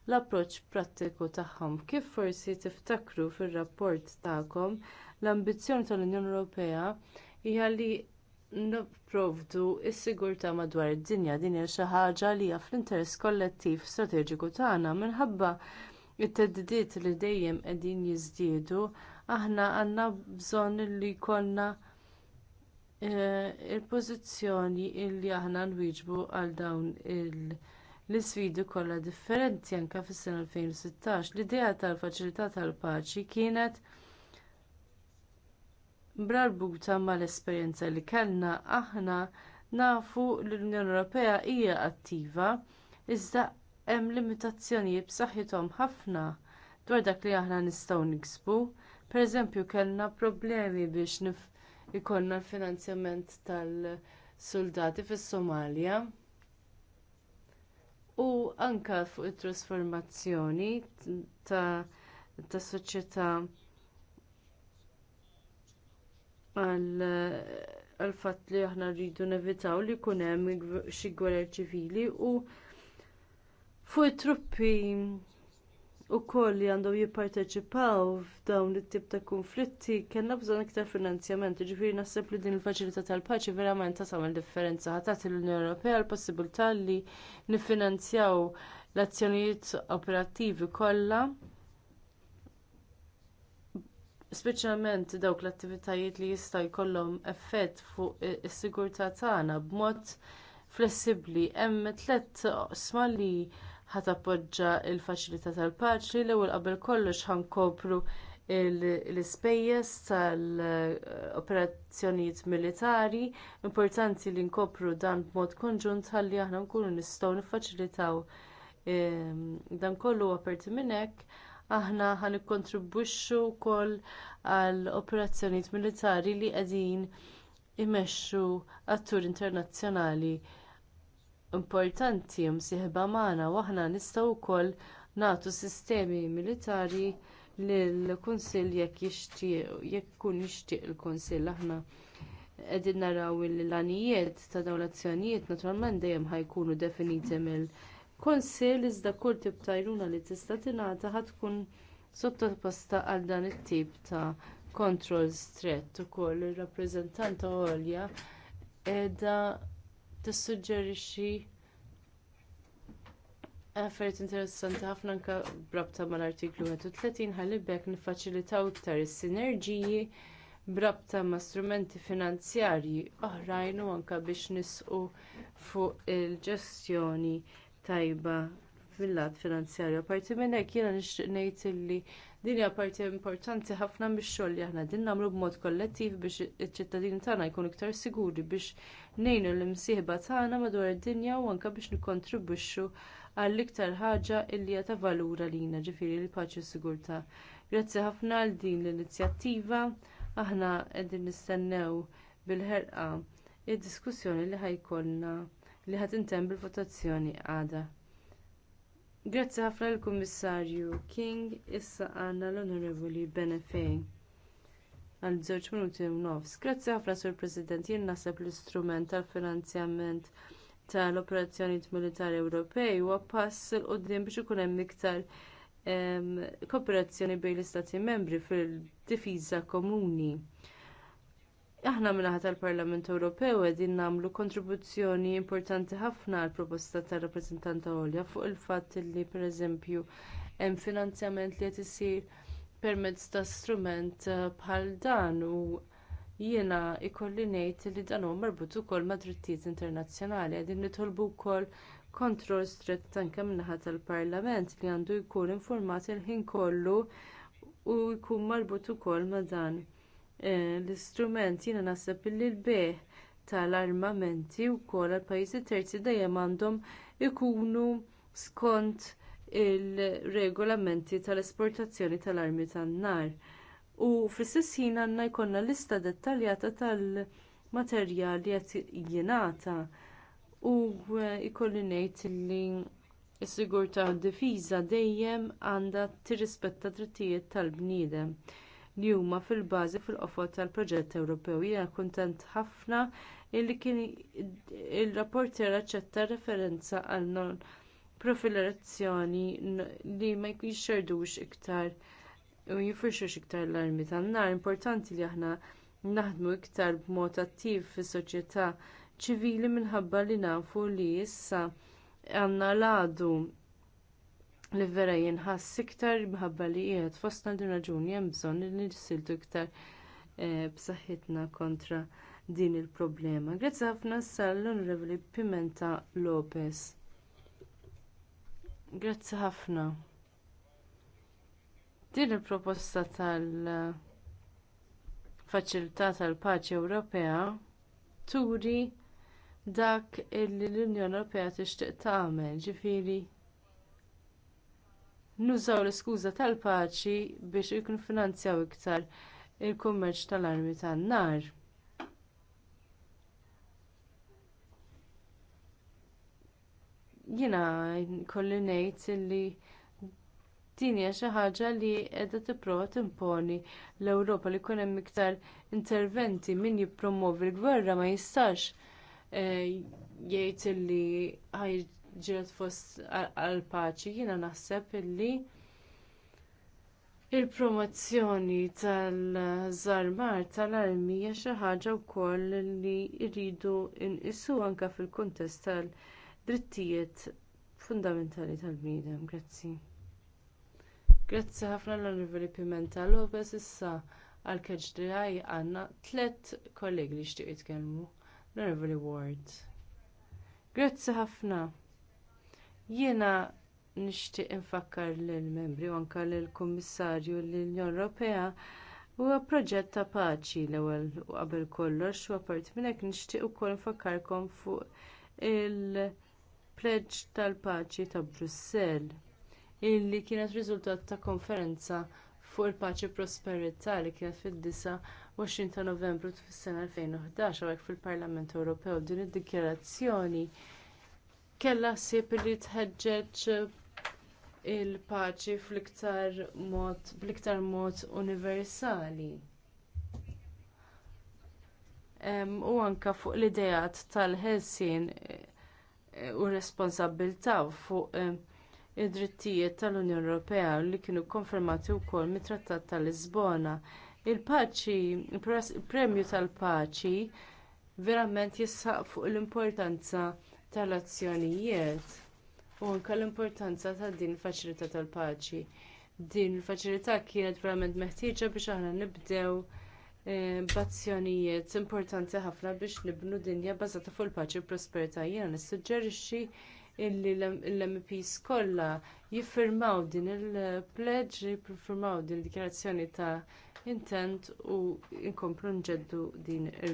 l-approċċ prattiku tagħhom. Kif forsi tiftakru fir-rapport tagħkom L-ambizzjoni tal-Unjoni Ewropea hija li nipprovdu s-sigurtà madwar id-dinja din hija xi ħaġa li hija fl-interess kollettiv strateġiku tagħna minħabba t theddidiet li dejjem qegħdin jiżdiedu aħna għandna bżonn li jkollna eh, il-pożizzjoni li aħna nwieġbu għal dawn l-isfidi kollha differenti anke fis-sena 2016 l-idea tal-faċilità tal-paċi kienet brarbuta mal-esperjenza li kellna aħna nafu li l-Unjoni Ewropea hija attiva iżda hemm limitazzjonijiet b'saħħithom ħafna dwar dak li aħna nistgħu niksbu. Pereżempju kellna problemi biex ikollna l-finanzjament tal-soldati fis-Somalja. U anke fuq it-trasformazzjoni ta' tas soċjetà għal fatt li aħna rridu nevitaw li jkun hemm xi gwerer ċivili u fuq it-truppi wkoll li għandhom jipparteċipaw f'dawn it-tip ta' kunflitti kellna bżonn iktar finanzjament, ġifieri naħseb li din il-faċilità tal-paċi verament ta' tagħmel differenza tagħti l-Unjoni Ewropea l-possibilità li niffinanzjaw l-azzjonijiet operattivi kollha speċjalment dawk l-attivitajiet li jista' jkollhom effett fuq is-sigurtà tagħna b'mod flessibbli hemm tliet oqsma li ħat appoġġa l-faċilità tal-paċi l-ewwel qabel kollox ħankopru l-ispejjeż tal-operazzjonijiet militari importanti li nkopru dan b'mod konġunt ħalli aħna nkunu nistgħu niffaċilitaw ehm, dan kollu apparti minn hekk aħna ħan ikkontribwixxu wkoll għal operazzjonijiet militari li qegħdin imexxu attur internazzjonali importanti msieħba magħna u aħna nistgħu wkoll nagħtu sistemi militari lill-kunsill jekk jixtieq jekk ikun jixtieq il-kunsill aħna qegħdin naraw il-lanijiet ta' dawn l-azzjonijiet naturalment dejjem ħajkunu definiti mill- kunsill iżda kull tip ta' għajnuna li tista' tingħata ħadd tkun sottoposta għal dan it-tip ta' kontroll strett ukoll ir-rappreżentanta għolja qiegħda tissuġġerixxi affarijiet interessanti ħafna anke b'rabta mal-artiklu 31 ħalli bekk niffaċilitaw iktar is-sinerġiji b'rabta ma' strumenti finanzjarji oħrajn u anke biex nisqu fuq il-ġestjoni tajba fil-lat finanzjarju. Parti minn hekk jiena nixtieq ngħid illi din hija parti importanti ħafna mix-xogħol li aħna din nagħmlu b'mod kollettiv biex iċ-ċittadini tagħna jkunu iktar siguri biex ngħinu l-imsieħba tagħna madwar id-dinja u anke biex nikkontribwixxu għall iktar ħaġa li hija ta' valura lina ġifieri l-paċi u sigurtà. Grazzi ħafna għal din l-inizjattiva aħna qegħdin nistennew bil-ħerqa id-diskussjoni li ħajkollna li ħat intemm bil-votazzjoni għada. Grazzi ħafna l-Kummissarju King, issa għandna l-Onorevoli Benefej għal żewġ minuti u nofs. Grazzi ħafna sur President, jien naħseb l-istrument tal-finanzjament tal-operazzjonijiet militari Ewropej huwa pass il quddiem biex ikun hemm iktar kooperazzjoni bejn l-Istati membri fil-difiża komuni. Aħna minnaħat tal-Parlament Ewropew qegħdin nagħmlu kontribuzzjoni importanti ħafna għall proposta tar-rappreżentanta Olja fuq il-fatt li pereżempju hemm finanzjament li qed isir permezz ta' strument eh, bħal dan u jiena ikolli ngħid li dan huwa marbut ukoll ma' drittijiet internazzjonali qegħdin nitolbu wkoll kontroll strett anke min-naħa tal-Parlament li għandu jkun infurmat il-ħin kollu u jkun marbut ukoll ma' dan Eh, l-istrument jiena naħseb li l-beħ tal-armamenti wkoll għal pajjiżi terzi dejjem għandhom ikunu skont il-regolamenti tal-esportazzjoni tal-armi tan-nar. U fl-istess ħin għandna jkollna lista dettaljata tal-materjali qed jingħata u jkolli eh, ngħid li s-sigurtà u d-difiża dejjem għandha tirrispetta drittijiet tal-bniedem li huma fil-bażi fil qofod tal-proġett Ewropew. Jiena kuntent ħafna illi kien ir-rapporter aċċetta referenza għal profilerazzjoni profilazzjoni li ma jixxerdux iktar u jifirxux iktar l-armi tan-nar. Importanti li aħna naħdmu iktar b'mod attiv fis-soċjetà ċivili minħabba li nafu li issa għandna l-għadu li vera jinħass iktar minħabba li qiegħed fostna din raġuni hemm bżonn li nirsiltu iktar eh, b'saħħitna kontra din il-problema. Grazzi ħafna sal l-Onorevoli Pimenta Lopez. Grazzi ħafna. Din il-proposta tal-Faċilità tal-Paċi Ewropea turi dak li l-Unjoni Ewropea tixtieq tagħmel, ġifieri nużaw l-iskuża tal-paċi biex ikun iktar il-kummerċ tal-armi tan-nar. Jiena kolli ngħid li din hija xi ħaġa li qiegħda tipprova timponi l-Ewropa li jkun hemm iktar interventi min jippromovi l-gwerra ma jistax eh, jgħid li ġiret fost għall paċi jiena naħseb illi il-promozzjoni tal-żarmar tal-armi xi ħaġa wkoll li jridu nqisu anke fil-kuntest tal-drittijiet fundamentali tal-bniedem. Grazzi. Grazzi ħafna l-Onorevoli Pimenta Lopez issa għal keġdilaj għandna tliet kollegi li xtieq jitkellmu. L-Onorevoli Ward. Grazzi ħafna. Jiena nixtieq infakkar lill membri u anke lill kummissarju l-Unjoni Ewropea huwa proġett ta' paċi l-ewwel u qabel kollox u apparti minn hekk nixtieq ukoll infakkarkom fuq il-pledġ tal-paċi ta' Brussell illi kienet riżultat ta' konferenza fuq il-paċi prosperità li kienet fid-disa 20 ta' Novembru fis-sena 2011 hawnhekk fil-Parlament Ewropew din id-dikjarazzjoni kellha ħsieb li tħeġġeġ il-paċi fl-iktar mod bl-iktar mod universali. u anke fuq l-idejat tal-ħelsien e, u r-responsabbiltà fuq id-drittijiet tal-Unjoni Ewropea li kienu konfermati wkoll mit-Trattat tal-Lisbona. Il-paċi, il-premju tal-paċi verament jissaq fuq l-importanza tal-azzjonijiet u anke l-importanza ta' din il-faċilità tal-paċi. Din il-faċilità kienet verament meħtieġa biex aħna nibdew eh, b'azzjonijiet importanti ħafna biex nibnu dinja bbażata fuq il-paċi u prosperità. Jiena nissuġġerixxi illi l-MPs kollha jiffirmaw din il-pledge, jiffirmaw din id dikjarazzjoni ta' intent u nkomplu nġeddu din ir